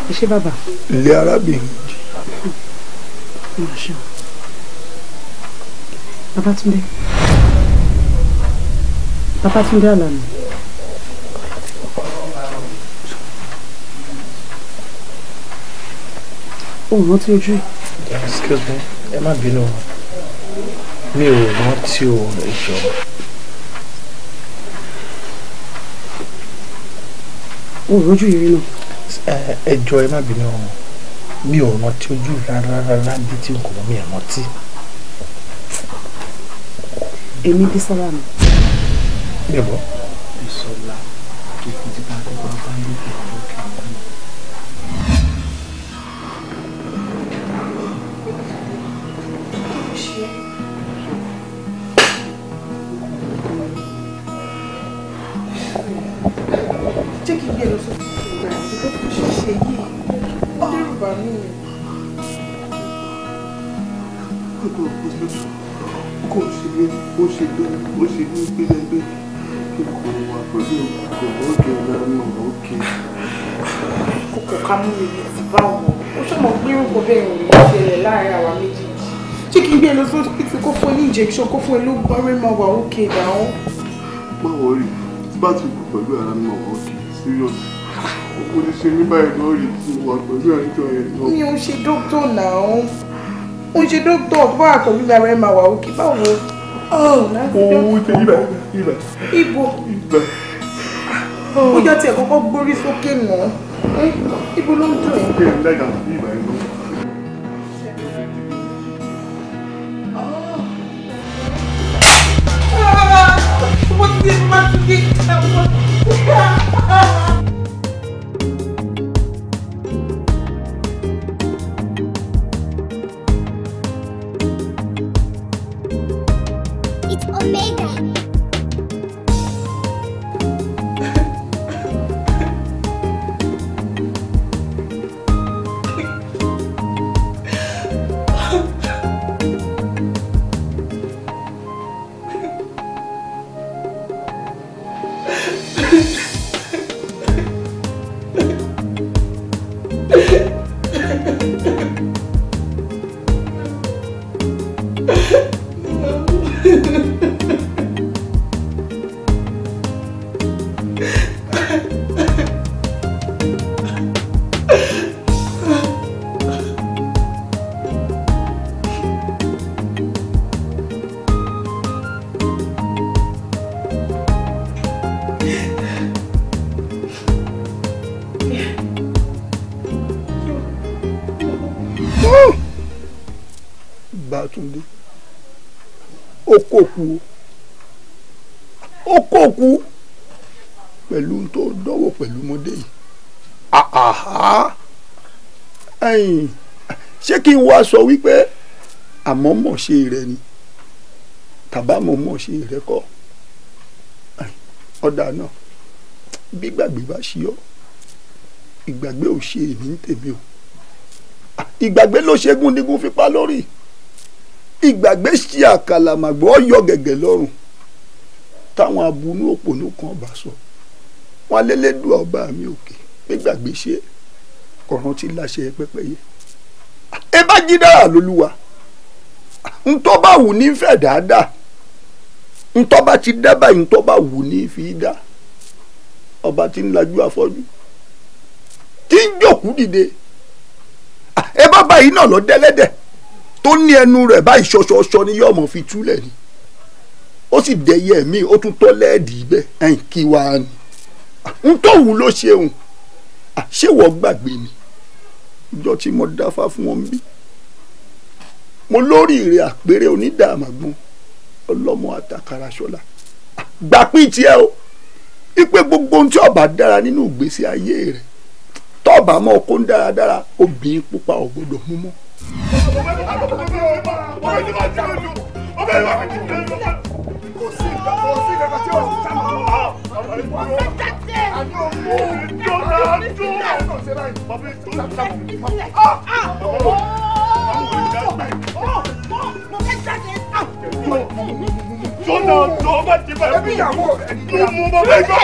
ẹ ṣe bàbá. ilé arábìnrin jì. mo ṣeun. Babatunde. Babatunde Alani. Oh, wọ́n ti ojú ẹ̀. Excuse me, ẹ má bínú. Mi ò rántí o ìjọ. O rojú ìrìn náà. Ẹ jọ̀ọ́ ẹ má bínú. Mi ò rántí ojú rárá rárá bí tí n kò mọ̀ mi ẹ̀ rántí èmi Bísọ́lá mi. bẹ́ẹ̀ bọ́ kò ṣe ó ṣe tó ó ṣe ní gbẹlẹgbẹ kí kò wá pẹ̀lú òkùnkùn òkè lánàá òkè. kókò ká mú mi ní ti bá wọn ó ṣọmọ pé orúkọ bẹ́ẹ̀ ò ní ṣẹlẹ̀ láàárín àwa méjèèjì ṣé kí n gbé e lọ sí hospital kó fún ẹ ní injection kó fún ẹ lóògùn ọ̀rẹ́ máa wà òkè dáhùn. má wọrí tí bá ti kù pẹ̀lú ara mi máa wà òkè serious kò ní ṣe ní báyìí lọ́ọ̀rì tí mo wà pẹ̀lú àjọ yẹn lọ. mi ò ṣe dókítà náà mo ṣe dókítà tó bá àtọ̀ gbígbà rẹ̀ máa wà òkè báwo. owó ti ibà ibà. ibo bóyá oh. tiẹ̀ kọ́kọ́ gbórí sókè nà án eh, ibo ló ń dùn ẹ́. sókè ń ibo, ibà ẹ̀ lọ. Oh. What did Matthew get? kòkú ó kòkú pẹ̀lú tó dánwò pẹ̀lú mọ́dé yìí àhá ẹ̀yìn ṣé kí n wá sọ wípé àmọ́ mọ̀ ṣe rẹ ni tàbámọ̀ mọ̀ ṣe rẹ kọ́ ọ̀dà náà bí gbàgbé bá ṣe ọ́ ìgbàgbé ò ṣe èmi ń tèmi o ìgbàgbé ló ṣe gúndígún fipá lórí ìgbàgbé ṣí àkàlàmàgbọ́ yọ gẹ̀gẹ̀ lọ́rùn táwọn abunú òpònú kan bá sọ wọn alẹ́lẹ́dùn ọba mi òkè gbégbàgbé ṣe kọ̀ọ̀ràn tí láṣẹ pẹ́pẹ́yẹ. ẹ bá jí dára lólúwa ntọ́ bá wù ní fẹ́ dáadáa ntọ́ bá ti dá ntọ́ bá wù ní fi dá ọba tí ń lajú afọ́jú tí ń jòkú dìde ẹ bá báyìí náà lọ dẹ́lẹ́dẹ́ tó ní ẹnu rẹ̀ báyìí ṣọṣọṣọ ni yóò fi túlẹ̀ ni ó sì dẹyẹ mi ó tún tọ́ lẹ́ẹ̀dì bẹ́ẹ̀ ẹ̀yìn kí wá ni n tó wù ló ṣeun àṣewọ gbàgbé ni ìjọ tí mo dáfá fún wọn bí mo lórí ìrè àpérè onídàámàgbọn ọlọ́mọ àtàkàrà ṣọlá gbà pín tiẹ̀ o ipe gbogbo ohun tí ọba dára nínú ìgbésí ayé rẹ̀ tọ́ọ̀bà mọ́ ọkọ́ ń dáradára obìnrin pupa ò gbọdọ̀ mú mọ́. Jọ́nà ọ̀dọ́ ọba ti bá ẹ̀ bí ìyàwó ẹ̀ ní ìyàwó. Mo mọ bẹ́ẹ̀ gbọ́.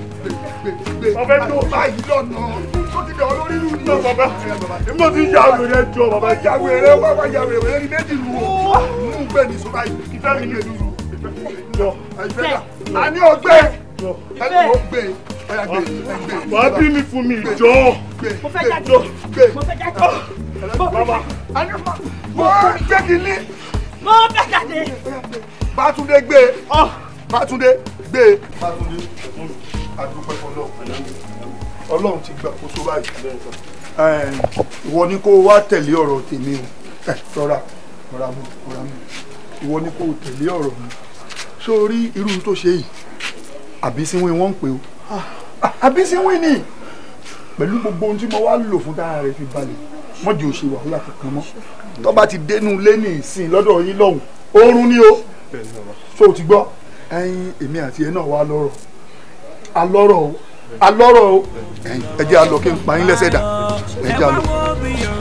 ọbẹ̀ tó báyìí lọ́nà tó ti bẹ̀ olórí ìlú náà bàbá mo ti ya wèrè jọ bàbá ya wèrè wàá ya wèrè wèrè ní méjì lu o mú gbẹ ní sọ́ba yìí ìfẹ́ mi ní ìlú lu ìfẹ́ a ní ọgbẹ́ ẹni ò gbé wàá bí mi fún mi jọ mo fẹ́ jáde mo fẹ́ jáde bàbá mo jẹ́ kí n ní. mo fẹ́ jáde. Bátúndé gbé Bátúndé gbé Bátúndé adúpẹ́ ọlọ́run ọlọ́run ti gbàkóso báyìí ìwọ ni kó wá tẹ̀lé ọ̀rọ̀ tèmi o rọra rọra mu rọra mu ìwọ ni kó tẹ̀lé ọ̀rọ̀ mi sórí irú tó ṣe yìí àbísínwín wọ́n ń pè o àbísínwín ni pẹ̀lú gbogbo ohun tí mo wá lò fún tára rẹ̀ fi balẹ̀ wọ́n di òṣèlú wàhálà kankan mọ́ tó bá ti dénú lé ní ìsìn lọ́dọ̀ yín lọ́hùn oorun ni o so ti gbọ́ ẹyin èmi àti ẹ náà wá lọ́rọ̀ alọ́rọ̀ o alọ́rọ̀ o ẹ jẹ́ alọ́ kí n pa yín lẹ́sẹ̀ dà ẹ jẹ́ alọ́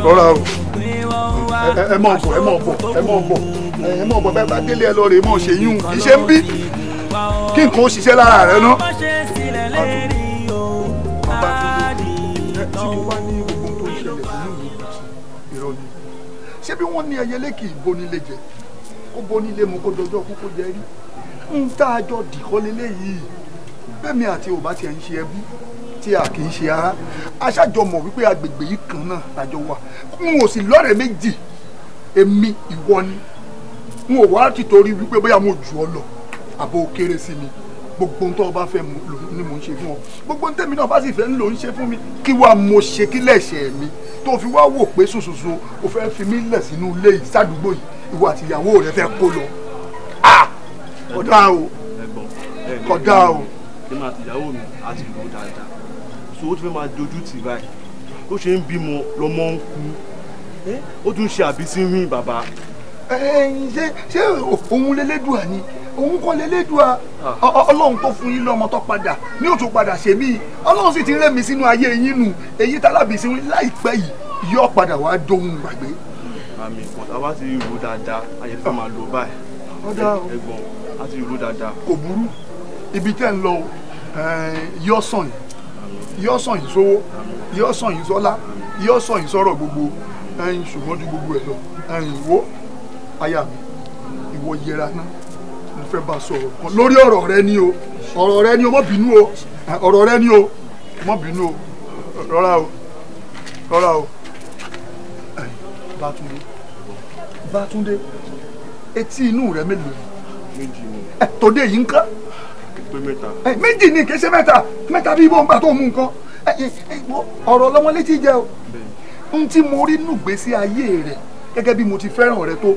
rọra o ẹ mọ̀ bọ̀ ẹ mọ̀ bọ̀ ẹ mọ̀ bọ̀ ẹ mọ̀ bọ̀ bẹ́ẹ̀ bá délé ẹ lọ rè mọ̀ ṣe yún kì í ṣe ń bí kí nǹkan ó ṣiṣẹ́ lára rẹ ná. ṣé bí wọ́n ní ẹyẹlé kì í kó bonilé mu kó dọjọ́ kú kó jẹ rí ń tá a jọ dìkọ́ lélẹ́yìí bẹ́ẹ̀mi àti òbá tiẹ̀ ń ṣe ẹbí tí a kì í ṣe ara aṣáájọ mọ̀ wípé agbègbè yìí kan náà lájọ wà n ò sì lọ́rẹ̀ẹ́ méjì èmi ìwọ ni n ò wá ti torí wípé bóyá mo jù ọ lọ àbò kéré sí mi gbogbo ohun tó o bá fẹ́ ni mò ń ṣe fún ọ gbogbo ohun tẹ́mi náà bá sì fẹ́ ń lò ń ṣe fún mi kí wàá mo ṣe kí lẹ́sẹ̀ mi tó fi wá wò pé ṣoṣoṣo o fẹ́ fi mí lẹ̀ sínú ilé yìí sádùúgbò yìí ìwọ àti ìyàwó rẹ fẹ́ kó lọ kódà o kódà o èmi àti ìyàwó mi àti ìlú dáadáa so ó ti fẹ́ máa dojú tì báyìí ó ṣe ń bímọ lọmọ ń kú ó tún ṣe àbísí rin bàbá. ṣé ṣé òun lélẹ́dùá ni òun kọ́ lélẹ́dùá ọlọ́run tó fún yín lọ́mọ tó padà ní òtò padà ṣe mí ọlọ́run sì ti rẹ́mi sínú ayé yín nù èyí tálábìsí rin láìpẹ́ yìí yóò padà wá dóhun gbàgbé. àmì ìkọ̀tà wá ti rò dáadáa ayé fẹ́ máa lò báyìí ẹ̀gbọ́n á ti rò dáadáa. kò burú ibi tẹ́ ń lọ eh, yọ sàn yìí yọ sàn yìí sówó yọ sàn yìí sọ́lá yọ sàn yìí sọ̀rọ̀ gbogbo eh, ṣùgbọ́n ju gbogbo ẹ̀ lọ ìwọ eh, aya mi ìwọ yẹra náà mo fẹ́ bá sọ̀rọ̀ kan lórí ọ̀rọ̀ rẹ ni o ọ̀rọ̀ rẹ ni o mọ̀ bínú o ọ̀rọ̀ rẹ ni o mọ̀ bínú o rọra o rọra o Bátúndé Bátúndé etí inú rẹ mélòó ni tòde yìí ń kán. Eh, méjì ni kì í ṣe mẹ́ta mẹ́ta bí ibò ń gbà tó mú nǹkan eh, eh, ọ̀rọ̀ ọlọ́mọ létí jẹ́ o n tí mo rí nùgbésí ayé rẹ̀ gẹ́gẹ́ bí mo ti fẹ́ràn rẹ̀ tó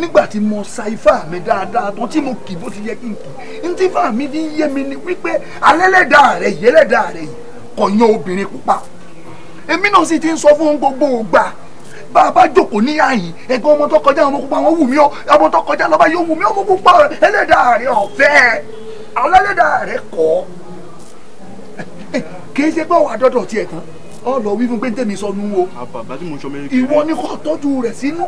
nígbà tí mo sa ifá mi dáadáa tán tí mo kì bó ti yẹ kí n kì n tí ifá mi fi yé mi ni wípé alẹ́lẹ́dà rẹ̀ yẹ́lẹ́dà rẹ̀ yìí kò yan obìnrin pupa èmi náà sì ti ń sọ fún gbogbo ògbà bá a bá jókòó ní àyìn ẹgbẹ́ ọmọ tó kọjá ọmọ pupa wọn wù mí ọ ọmọ tó kọjá lọ́ba yóò wù mí ọmọ pupa ẹlẹ́dà rẹ̀ ọ̀fẹ́ alálẹ́dà rẹ̀ kọ́ kì í ṣe pé òun àdọ́dọ̀ tiẹ̀ tán ọ lọ wí fún pé tèmi sọ nu o ah, ìwọ ni kò tọ́jú rẹ̀ sínú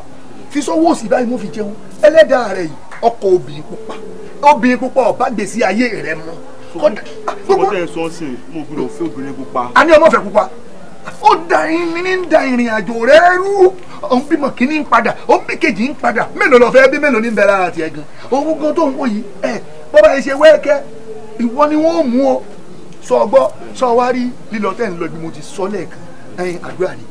fi sọ́wọ́ òsì báyìí mo fi jẹun ẹlẹ́dàá rẹ̀ yìí ọkọ̀ obìnrin pupa obìnrin pupa ọ̀bá gbèsè ayé rẹ̀ mu. Ah, gbogbo tẹ ẹ sọ sí mo gbọ́dọ̀ fẹ́ obìnrin pupa. a ní ọmọ fẹ́ pupa ó da irin ní da ìrìn àjò rẹ rú òun bímọ kínní ń padà òun bí kejì ń padà mélòó lọ fẹ́ bí mélòó ní bẹ̀rẹ̀ àti ẹ̀gàn òun gan tó ń wọ yìí ẹ̀ bọ́bá yìí ṣe wẹ́ẹ́kẹ́ ìwọ ni wọ́n mú ọ sọ gbọ́ sọ wá rí lílọ tẹ́ ń lọ bí mo ti sọ lẹ́ẹ̀kan ẹyin àdúrà ni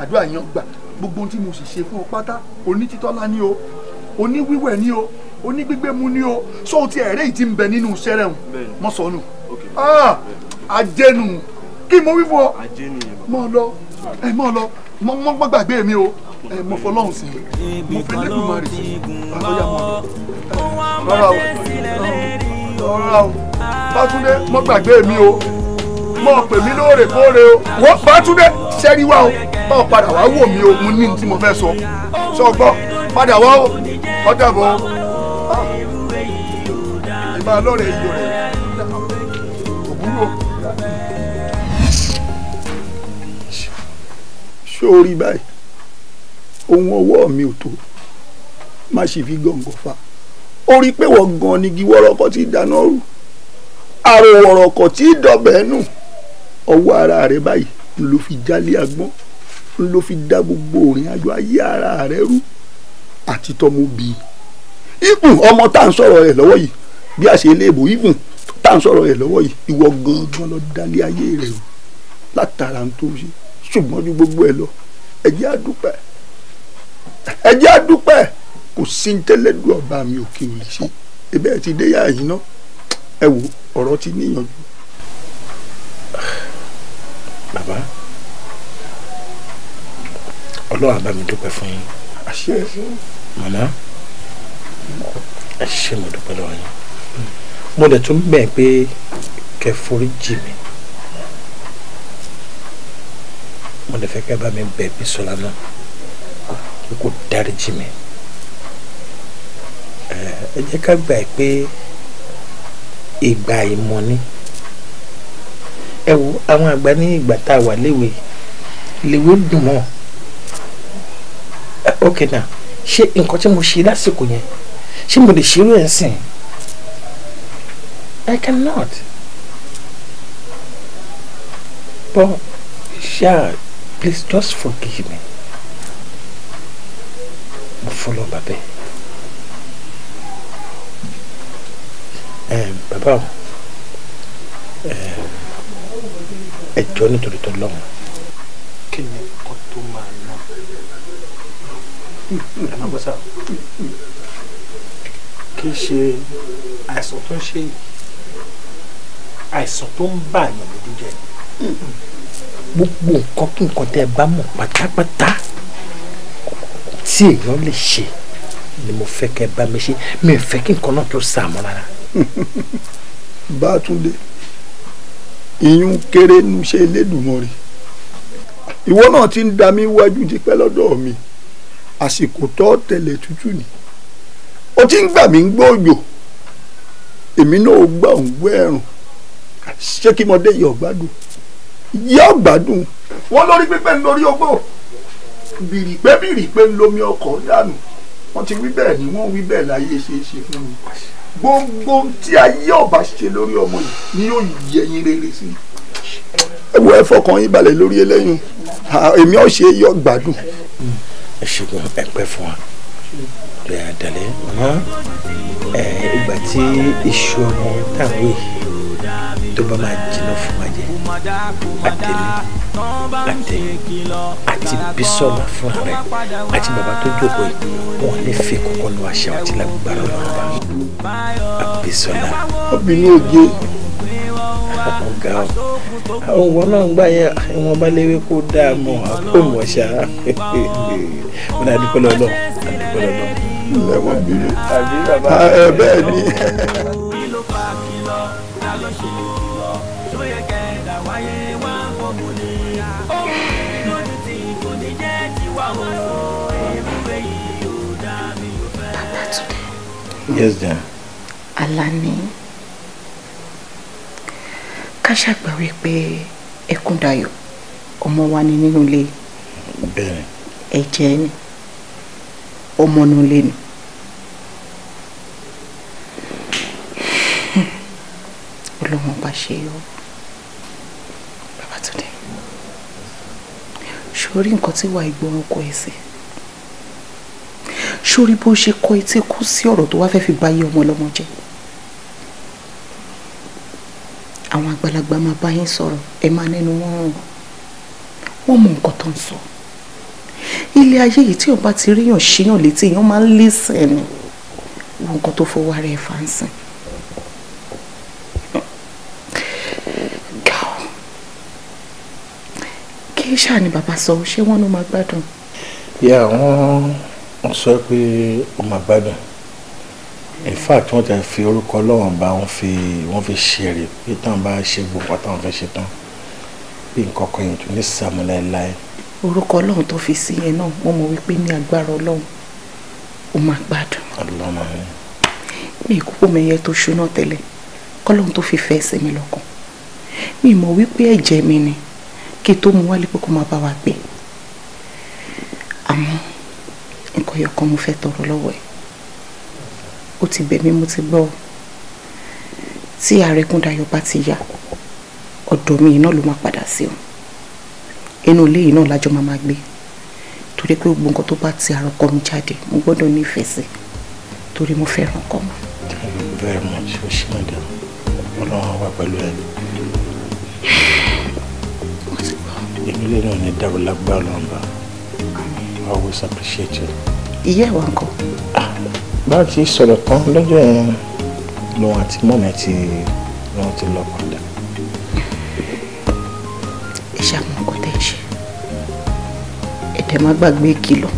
àdúrà yẹn gbà gbogbo ohun tí mo sì ṣe fún ọ pátá onítítọ́lá ni o oníwíwẹ̀ ni o onígbígbé mu ni o so ti ẹ̀rẹ́ yìí ti ń bẹ nínú iṣẹ́ rẹ̀ mọ́ sọnù ah, ajẹnu kí mo wí fún ọ mọ lọ ẹ mọ lọ mọ gbàgbé mi o ẹ eh, mo fọlọ́hún sí mo fẹ́ lẹ́nu máa rè sí àtọ́jà mọ́ rárá o rárá o bátúndé mo gbàgbé mi o mo pè mí lóòrèkóòrè o wo bátúndé sẹ́rí wa o báwo padà wá wò mí o mo ní ní tí mo fẹ́ sọ sọ gbọ́ padà wá o ọjà bọ̀ o ah. ìbá lọ́rẹ̀ iyọ̀ rẹ̀ òwúrò. ṣé o rí báyìí ohun ọwọ́ mi ò tó má ṣe fi gàngàn fa ó rí i pé wọ́n gan ni igi wọ́rọ́kọ́ ti dáná rú àròwọ̀rọ̀kọ̀ tí dọ̀bẹ́ nù ọwọ́ ara rẹ̀ báyìí ló fi jálé agbọ́n ló fi dá gbogbo òrìn àjò ayé ara rẹ̀ rú àti tọmọbi ibùn ọmọ tá à ń sọ̀rọ̀ rẹ̀ lọ́wọ́ yìí bí a ṣe léèbò ibùn tá à ń sọ̀rọ̀ rẹ̀ lọ́wọ́ yìí ìwọ gangan lọ dálé ayé rẹ̀ rú látara tó ṣe ṣùgbọ́n ju gbogbo ẹ̀ lọ ẹ̀jẹ̀ á dúpẹ́ ẹ jẹ́ àdúpẹ́ kò sí ní tẹ́lẹ́dùn ọba mi ò kí n lè ṣe ebẹ́ ẹ ti dé yá yìí ná ẹ wo ọ̀rọ̀ ti níyànjú. bàbá ọlọ́run àbá mi dúpẹ́ fún yín. àṣẹ. màmá ẹ mo dúpẹ́ lọ́wọ́ yín mo dẹ̀ tún bẹ̀ pé kẹ́ forí jì mí mo dẹ̀ fẹ́ kẹ́ bá mi bẹ̀ bí sọlá náà pé kò dáríjì mi ẹ jẹ́ ká gbà ẹ pé ìgbà ìmọ̀ ni ẹ wo àwọn àgbà ní ìgbà tá a wà léwe léwe dùn mọ́ ok now ṣé nǹkan tí mo ṣe lásìkò yẹn ṣé mo lè ṣerú ẹ̀ sìn I cannot but ṣáà please just forgive me mo fọlọ́ bàbẹ́ bàbá o ẹ jọ̀ọ́ nítorí tó lọ́wọ́ kí ni kò tó máa ná ẹ má bọ́ sá kì í ṣe àìsàn tó ń ṣe yìí àìsàn tó ń bà yàn lójú jẹ hmm, hmm. gbogbo nǹkan kí nǹkan tẹ ẹ bá mọ̀ pátápátá tí èèyàn lè ṣe ni mo fẹ́ kẹ́ bá mi ṣe mi ò fẹ́ kí nǹkan náà tó sàmú rárá. Bátúndé ìyún kéré nu ṣe Elédùmarè ìwọ náà ti ń da mí wájú tipẹ́ lọ́dọ̀ mi àsìkò tó tẹ̀lé tútù ni o ti ń gbà mí ń gbọ́ òjò èmi náà ó gbà ń gbọ́ ẹ̀rùn ṣé kí mo dé yọ̀ gbádùn yọ̀ gbádùn wọn lórí pípẹ́ lórí ogbó bìrìpẹ́ bìrìpẹ́ lómi ọkọ̀ dànù wọ́n ti wí bẹ́ẹ̀ ni wọ́n wí bẹ́ẹ̀ láyé ṣe é ṣe fún mi gbogbo tí ayé ọba ṣe lórí ọmọ yìí ni yóò yẹ yín rere sí i ẹ wo ẹ fọkàn yín balẹ̀ lórí eléyìí èmi ọ̀ ṣe é yọ gbádùn. ẹ ṣègùn ẹ pẹ́ fún wa rẹ̀ àdàlẹ́ mọ́ ẹ ìgbà tí iṣu ọmọ táwọn èyí tó bá máa jiná fún wa jẹ àtẹnu àtẹ àti bisọ́ọ̀mù fúnra rẹ̀ àti bàbá tó jókòó yìí wọn lè fi kọ́kọ́ lu àṣà àti lágbára lọ́wọ́ bá àbísọ́lá obìnrin òye ọ̀gá àwọn ọ̀wọ́ náà gbà yẹ ìwọ̀n bá léwé kó dáa mọ́ àpò ìmọ̀ṣá wọn adúpẹ́ lọ́lọ́ adúpẹ́ lọ́lọ́. Ah, ẹ mọ̀ bínú ni. Yes, dear. Alani ká ṣàgbà wípé Ẹkúndayọ̀ ọmọ wa ni nínú ilé ẹ̀jẹ̀ ni ọmọ inú ilé ni. ọlọ́wọ́n bá ṣe yọ Babátúndé sórí nǹkan tí wàá ìgbọràn kọ ẹ sí sórí bó ṣe kọ etí kú sí ọ̀rọ̀ tó wá fẹ́ fi báyé ọmọ ọlọ́mọ jẹ́ àwọn àgbàlagbà máa bá yín sọ̀rọ̀ ẹ máa nínú wọn rùn wọ́n mọ nǹkan tó ń sọ. So ilé ayé yìí tí òun bá ti ríyàn ṣíyàn létí èèyàn máa ń lẹ́sẹ̀ ni wo nǹkan tó fọwọ́ ara ẹ̀ fà ń sìn. gàù kí ṣáà ni bàbá sọ ṣé wọ́n ló máa gbádùn. ìyá wọn sọ pé ó máa gbádùn in fact wọ́n ti fi orúkọ ọlọ́wọ̀n bá wọ́n fi wọ́n fi ṣeré pé táwọn bá ṣe gbogbo táwọn fẹ́ ṣe tán bí nǹkan kan yìí tún ní sàmúlẹ̀ láì orúkọ ọlọ́run tó fi sí yẹn náà mo mọ̀ wípé ní agbára ọlọ́run ó máa gbádùn. mi ìkúpọ̀ mẹ́yẹ tó ṣúná tẹ́lẹ̀ kọ́lọ́run tó fi fẹ́ ẹsẹ̀ mi lọ́kàn mi mọ̀ wípé ẹ̀jẹ̀ mi ni kí tó mu wálé pé kó máa bá wa gbé àmọ́ nǹkan yọkan mo fẹ́ tọrọ lọ́wọ́ ẹ̀ ó ti bẹ̀ mí mo ti gbọ́ tí Àrẹ̀kúndayọ̀ bá ti yá ọ̀dọ̀ mi náà ló máa padà sí òun inú ilé yìí náà lájọ máa máa gbé torí pé gbogbo nǹkan tó bá ti àrò ọkọ mi jáde mo gbọ́dọ̀ nífẹ̀ẹ́ sí torí mo fẹ́ràn ọkọ mi. thank you very much o ṣe madam ọlọ́run wà pẹ̀lú ẹ èmi lè náà always appreciate you. ìyá ẹ̀ wá ń kọ́. Ah, báwo ti sọ̀rọ̀ tán lọ́jọ́ yẹn lòun àti mọ́mẹ́ ti lọ́n ti lọ padà. dẹ̀ má gbàgbé ìkìlọ̀.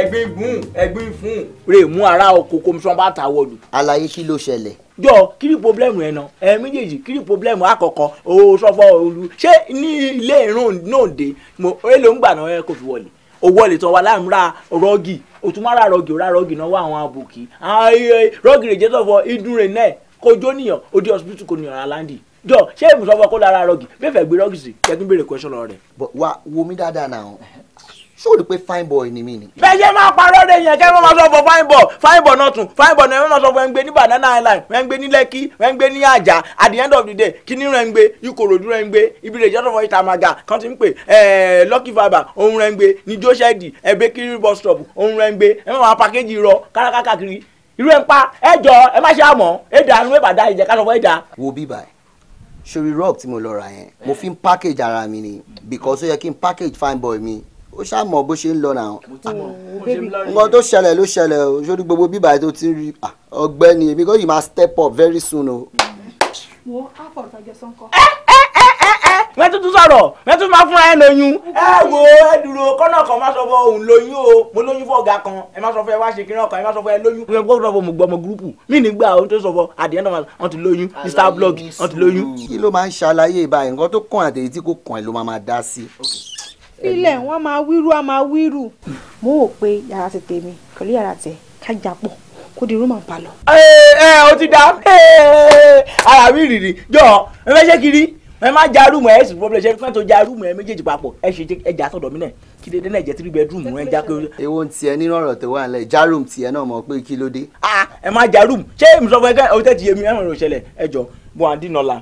ẹgbin gun ẹgbin fún rè mú ara oko komisanna bá ta wọlù. àlàyé kí ló ṣẹlẹ̀. jọ kiri problemu ẹ na ẹ méjèèjì kiri problemu àkọ́kọ́ o sọfọ olú ṣé ní ilé ìrún náà dé mo èlò ń gbà náà ẹ kò fi wọlé owó ìlẹ̀tọ̀ wa láàmúra rọ́gì òtúmọ̀ra rọ́gì òra rọ́gì náà wà àwọn àbòkí rọ́gì rè jẹ́sọ̀ fọ idun rè náà kojú ònìyàn odi hospital kò níyàn aláǹdì jọ ṣé ìmùsọ̀fọ̀ kó lára rọ́gì bẹ́ẹ̀ fẹ́ gbé rọ́gì sí kẹ́kún béèrè question lọ rẹ̀. wá wo mi dáadáa náà ṣó rí pé fine boy ni mí ni. bẹ́ẹ̀ máa parọ́ de yẹn kẹ́ wọ́n máa sọ fún fine boy fine boy náà tún fine boy náà wọ́n máa sọ fún ẹ̀ǹgbẹ́ ní banana island ẹ̀ǹgbẹ́ ní lẹ́kí ẹ̀ǹgbẹ́ ní àjà at the end of the day kíní ẹ̀ǹgbẹ́ ìkòròdú ẹ̀ǹgbẹ́ ibi rẹ̀ ìjọ́sọ̀ fún ìtàmàgà kan ti ń pè ẹ̀ eh, lucky fibre ohun ẹ̀ǹgbẹ́ ní jọ́sẹ̀dì ẹ̀bẹ́ kiri bus stop ohun ẹ̀ǹgbẹ́ ẹ̀ máa pàkéjì rọ kárakákiri irú ẹ̀ ń pa ẹ jọ ẹ má ṣe àmọ́ ẹ̀dà àánú ìbàdàn ìjẹ́ ká sọ fún ẹ̀dà. wo bíbá ẹ sori rock tí mo lọ ra yẹn mo fi ń package ara mi ni because ó yẹ kí n package fine boy mi ó ṣàmọ̀ bó ṣe ń lọ náà hmm, nǹkan tó ṣẹlẹ̀ ló ṣẹlẹ̀ o sórí gbogbo bíbá tó ti rí ọ̀gbẹ́ni because you must step up very soon o. wo afọ ìtajà sọńkọ. ẹ ẹ ẹ ẹ ẹ wọ́n tún tún sọ̀rọ̀ wọ́n tún máa fúnra ẹ lóyún. ẹ wo ẹ dúró kọ́nà kan má sọ fún òun lóyún o mo lóyún fún ọ̀gá kan ẹ má sọ fún ẹ wá ṣe kírán kan ẹ má sọ fún ẹ lóyún. ìwé gbọ́dọ̀ fún mo gbọ́ ọmọ gúrúpù mí nígbà ohun tó sọ fún àdìyẹ náà wọ́n ti lóyún Mr Blog wọ́n ti lóyún. kí ló máa ń ṣàlàyé ìbáyìí nǹkan tó kàn àtẹ̀yí tí kò kàn ẹ̀ ló máa máa dá sí i filẹ̀ wọ́n máa wíru á máa wíru mo wò pé yàrá ti tèmi pẹ̀lú yàrá tẹ̀ ká jà pọ̀ kó di roman palọ. ẹ ẹ o ti da ara mi rìrì jọ ẹ fẹ́ ṣe kiri ẹ má ja rúùmù ẹ sì problem ṣe fẹ́ tó ja rúùmù ẹ méjèèjì papọ̀ ẹ ṣe ẹ jà sọ̀dọ̀ mi náà kí dédé náà jẹ́ three bedroom ẹ já pé. èwo tiẹ̀ nínú ọ̀rọ̀ tó wà nílẹ̀ já rúùmù náà mọ̀ pé kí ló dé. ẹ má ja rúùmù ṣé èmi sọ fún ẹ kẹ́ ọ̀tẹ̀ ti yé mi ẹ̀rọ ìṣẹ̀lẹ̀ ẹ jọ bó àdínọ́lá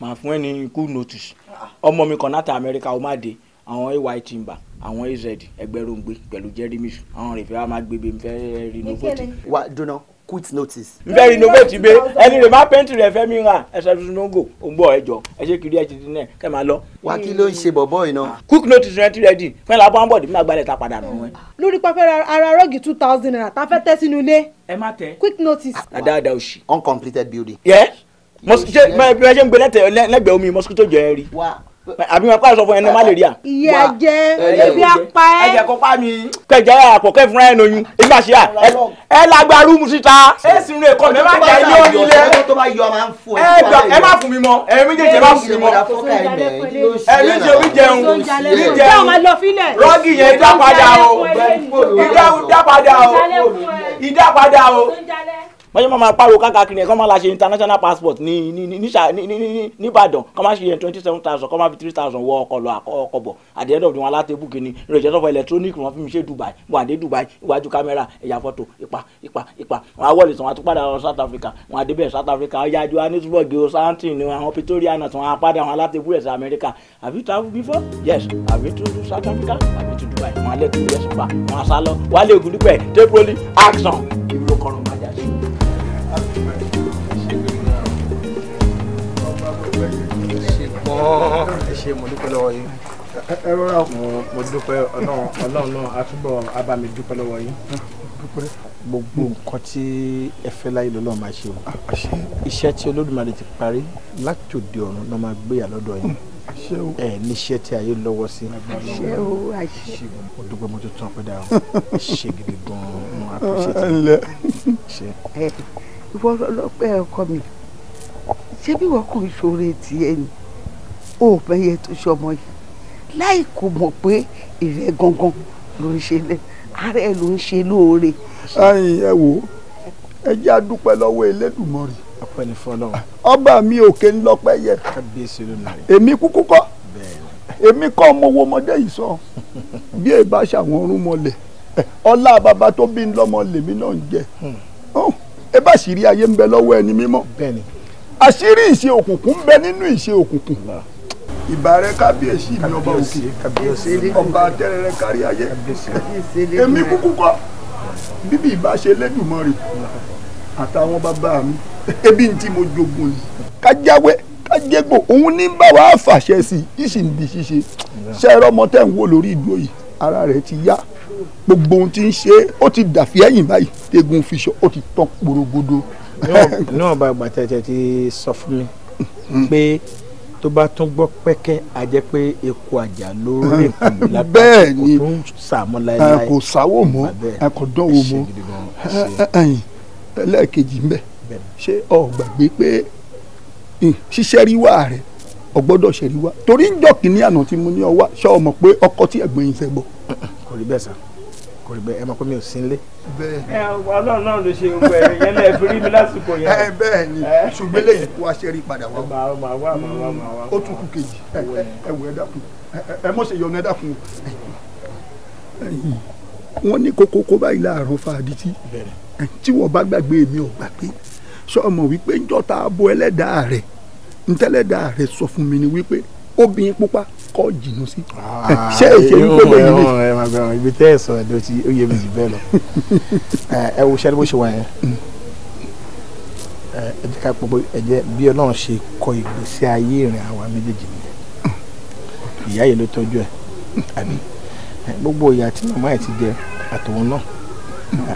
màá fún ẹ ní cool notice ah, ah. ọmọ mi kàn náà ta Amẹ́ríkà ó má dé àwọn ay timber àwọn az ẹgbẹrúngbe pẹ̀lú jeremy àwọn rẹ̀ fẹ́ wá máa gbébé nfẹ́ renovate. wa dunu quit notice. nfẹ́ renovate be ẹni rẹ̀ máa pẹ́ǹtì rẹ̀ fẹ́ mi ràn ẹsẹ̀ tuntun ló ń gò ó ń bọ̀ ẹjọ́ ẹ ṣe kiri ẹtì dín náà kẹ́ máa lọ. wá kí ló ń ṣe bọ̀bọ̀ iná. quick notice rẹ ti rẹ di fún ẹ lábọ́ àbọ̀dì fún àgbàlẹ̀ ta padà nù. lórí pápẹ́ ara rọ́ọ̀gì two thousand naira tá a fẹ́ tẹ́ sínú ilé. ẹ má tẹ. quick notice. àdáadáa òsì. uncompleted building. yẹ mo ṣe mo ṣe ń gbé lẹ́gbẹ̀ẹ́ omi mosquito jẹ́ rí. wá àbí wọn pàṣẹ fún ẹni malaria. ìyá jẹ ebi apá ẹ. ẹjẹ kó pa mi. kẹjẹ àpọkẹ fúnra ẹ lóyún èmi àṣẹ à ẹ lágbá rúùmù síta. ẹ sì ń rè kọ́ mi ẹ má jẹ ilé orí ilé. ẹ má fún mi mọ ẹ méjèèjì má fún mi mọ. ẹ méjèèjì mi jẹun mi jẹun rọ́gì yẹn dá o ìdá o ìdá o bọ́jọ́ máa máa pariwo káàkiri ẹ̀ kọ́ máa la ṣe international passport ní nìbàdàn kọ́ máa ṣe yẹn twenty seven thousand kọ́ máa fi three thousand wọ ọkọ̀ lọ ọkọ̀ bọ̀ àdé end of the one alátẹ́bù kìíní ìròjẹ́ sọ́fọ̀ electronic wọn fi mi ṣe Dubai wọn àdé Dubai iwájú kámẹ́rà ẹ̀yà fọ́tò ipa ipa ipa wọn á wọlé sàn wọn á tún padà lọ South Africa wọn á débẹ̀ South Africa ọjà Johannesburg o santin ni àwọn Pretoria náà tí wọn á padà wọn alátẹ́bù ẹ̀sẹ̀ America have you travel before yes have you to South Africa have you to Dubai wọn á lẹ́tọ̀ọ́ yẹn sọ́fà wọn á sálọ wọn á lè gùn nípẹ̀ tẹ́pọ́lì action ìlú kọrùn ẹ ṣe mo dúpẹ́ lọ́wọ́ yín ẹ rọra mo dúpẹ́ ọlọ́run ọlọ́run náà á túbọ̀ á bá mi dúpẹ́ lọ́wọ́ yín gbogbo nǹkan tí ẹ fẹ́ láyé lọ́lọ́ máa ṣe o iṣẹ́ tí olódùmarè ti parí láti òde ọ̀run ló máa gbéyà lọ́dọ̀ yín ẹ níṣẹ́ tí ayé lọ́wọ́ sí. àṣẹ o àṣẹ. mo dúpẹ́ mo tún tún ọpẹ́ dáa o ṣe gidi gan-an mo àpèṣe tí. ẹ ìwọ ọlọpẹ ọkọ mi ṣé bí wọn kò ń ṣoore tiẹ̀ ni ó bẹyẹ tó ṣọmọ yìí láì kò mọ̀ pé ìrẹ́ gangan ló ń ṣe lẹ́ ara ẹ̀ ló ń ṣe lóore. ẹ̀yin ẹ wò ẹ jẹ́ àdúpẹ́ lọ́wọ́ Elédùmarè. ọpẹ́ ni fọ́lọ́run. ọba mi òkè ń lọpẹ yẹ. kábíyèsí ló nà. èmi kúkú kọ́ èmi kọ́ mo wo ọmọdé yìí sọ bí èbá ṣàwọn ọrùn mọlẹ̀ ọlá bàbá tó bí ń lọ́mọ lèmi náà ń jẹ hmm. ẹ bá sì ayé ń bẹ lọ́wọ́ ẹni mímọ́ àṣírí ìṣe òkùnkùn ń bẹ nínú ìṣe òkùnkùn ìbàrẹ kábíyèsí mi ọba òkè ọba tẹrẹrẹ kárí ayé èmi kúkú kọ́ bíbí ìbá ṣe lẹ́dùnmọ́rì àtàwọn bàbá mi ebi ntí mo jogun yìí kájáwé kájégbò òun ní bá wàá fàṣẹ sí i ìsì ń di ṣíṣe ṣe é rọmọ tẹ́ ń wò lórí ìdúró yìí ara rẹ̀ ti yá gbogbo ohun tí ń ṣe ó ti dàfí ẹ̀yìn báyìí tegun fiṣọ ó ti tán porogodo. níwọ̀n bá gbàtẹ́tẹ́ ti sọ fún mi hmm. pé tó bá tún gbọ́ pẹ́kẹ́ a jẹ́ pé eku àjà ló rí ìkùn lápá kò tún sàmú láéláé kò sáwò mọ́ kò dánwò mọ́ ẹ̀yìn ẹlẹ́ẹ̀kejì ń bẹ ṣé o gbàgbé pé ṣíṣẹ́ rí wá rẹ̀ o gbọ́dọ̀ ṣe rí wá torí ń jọ kìíní àná tí mo ní ọ wá ṣé o mọ̀ pé ọkọ tí ẹ̀gbọ́n yìí fẹ́ gbọ́. kò rí bẹ́ẹ̀ sá kò rí bẹ́ẹ̀ ẹ mọ̀ pé mi ò sí nílé. bẹ́ẹ̀ ọlọ́run náà ló ṣe gbogbo ẹ̀rọ yẹn lẹ́ẹ̀ fi rí mi lásìkò yẹn. ẹ bẹ́ẹ̀ ni ṣùgbọ́n lẹ́yìn kó a ṣe rí padà wá ó tún kù kejì ẹ wọ ẹ dákun ẹ mọ̀ ṣe yọ̀ọ̀nù ẹ dákun. wọ́n ní kókó kó báyìí láàárọ̀ fàdítì tí wọ́n bá gbàgbé mi ò gbàgbé sọ ọmọ wípé ń jọ́ta abo ẹlẹ́dàá rẹ̀ ń tẹ́lẹ́dàá rẹ̀ sọ fún mi ni wípé obìnrin pupa kọ́ jìnnú sí. Ah, ṣé ìṣe wípé bẹ́ẹ̀ ni. ẹ máa gbẹ̀rún ibi tẹ́ ẹ sọ ẹ̀ ló ti ó yẹ mi jù bẹ́ẹ̀ lọ. Eh, ẹ wo ṣẹ́ni bó ṣe wà yẹn mm. eh, ẹ jẹ́ ká pọ̀ ẹ jẹ́ bí ọlọ́run ṣe kọ ìgbésí ayé ìrìn àwa méjèèjì nìyẹn ìyá yẹn ló tọ́jú ẹ̀ àbí eh, gbogbo ìyá tí màmá ẹ̀ ti jẹ àtòun náà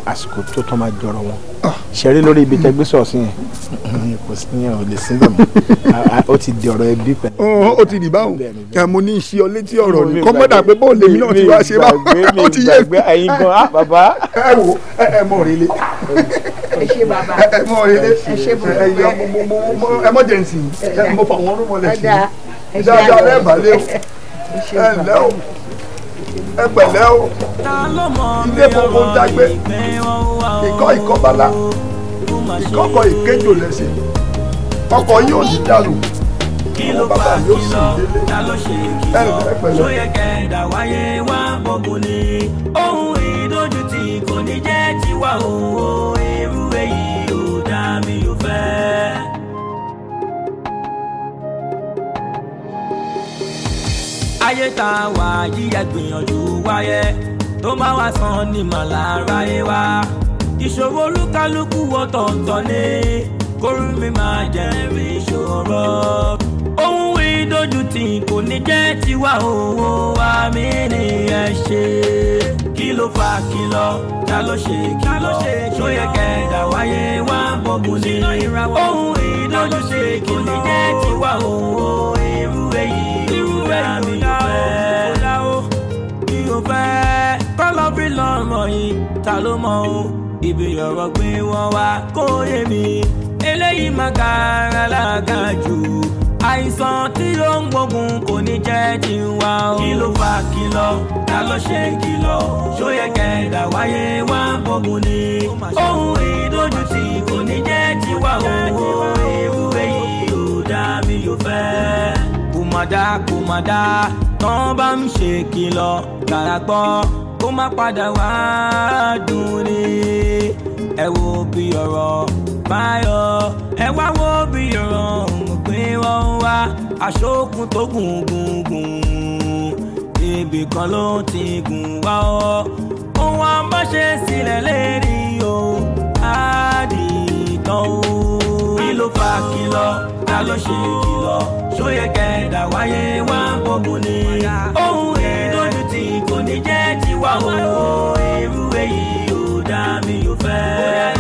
àsìkò tó tán máa jọrọ wọn ṣeré lórí ibi tẹ gbé sọọsì yẹn kò sí yẹn ò lè síbẹ̀ mọ́ ó ti di ọ̀rọ̀ ẹbí pẹ̀lú. ó ti di báwo mo ní í ṣe ọ létí ọ̀rọ̀ ni kọ́ mọ́dà pé bó lèmi náà ti wá ṣe bá ó ti yé mi. ẹyin gan ah bàbá. ẹ wo ẹ mọ òrèlè ẹ ṣe bàbá ẹ mọ òrèlè ẹ ṣe bàbá ẹ yọ mo mo ẹ mọ jẹnsi mo fà wọn rúmọ lẹsí dáadáa lẹ́ẹ̀bà lé o ẹ ǹlẹ́ o ẹ pẹ̀lẹ́ o ilé gbogbo ń dágbé ìkọ́ ìkọ́bálá ìkọ́kọ̀ ìkéjò lẹ́sẹ̀ ọkọ̀ yóò sì dànù àwọn bàbá yóò sì délé ẹ̀rù ẹ̀pẹ̀lẹ̀. sóyè kẹ̀dà wáyé wá bọ̀gùn kò ní jẹ́ tiwa òwò irú èyí ò dá mi ò fẹ́. ayé tá a wà gbìyànjú wáyé tó máa wá san ní màlára yé wa ìṣòro olúkálukú ọ̀tọ̀ọ̀tọ̀ ni kórú mi máa jẹ́ rí ìṣòro ohun ìdójútì kò ní jẹ́ tiwa owó wa mi ni ẹ ṣe kí ló fà kí lọ ta ló ṣe kí lọ ṣó yẹ kẹdà wáyé wá bọ́gùn ní ohun ìdójútì kò ní jẹ́ tiwa owó irú èyí irú èyí mi fẹ́ mi ò fẹ́ kọ́lọ́fín lọ́mọ yìí ta ló mọ̀ o ibi ọ̀rọ̀ gbé wọn wá kó yé mi eléyìí máa ka ara lága jù àìsàn tí ó ń gbógun kò ní jẹ́ ti wá o. kí ló fa kìlọ̀ ta ló ṣe kìlọ̀ ṣó yẹ kẹ́ẹ̀dá wáyé wá gbógun ni. ohun ìdójútì kò ní jẹ́ ti wá o. ìwúwe yìí ò dá mi yóò fẹ́. kò mà dá kò mà dá tán bá ń ṣe kìlọ̀ kàrà kó má padà wá dùn ni ẹ wo bí ọ̀rọ̀ báyọ̀ ẹ wá wo bí ọ̀rọ̀ òpin wọn wá aṣókun tó gùn gùn gùn ibì kan ló ti gùn wá ọ ohun àbá ṣe sílẹ̀ lérí o àdìtàn o kí ló fa kìlọ̀ ta ló ṣe kìlọ̀ ṣó yẹ kẹ́ẹ̀dá wáyé wá gbógun ni ohun ìdójútì kò ní jẹ́ wá o, èrú èyí ò dá mi ò fẹ́.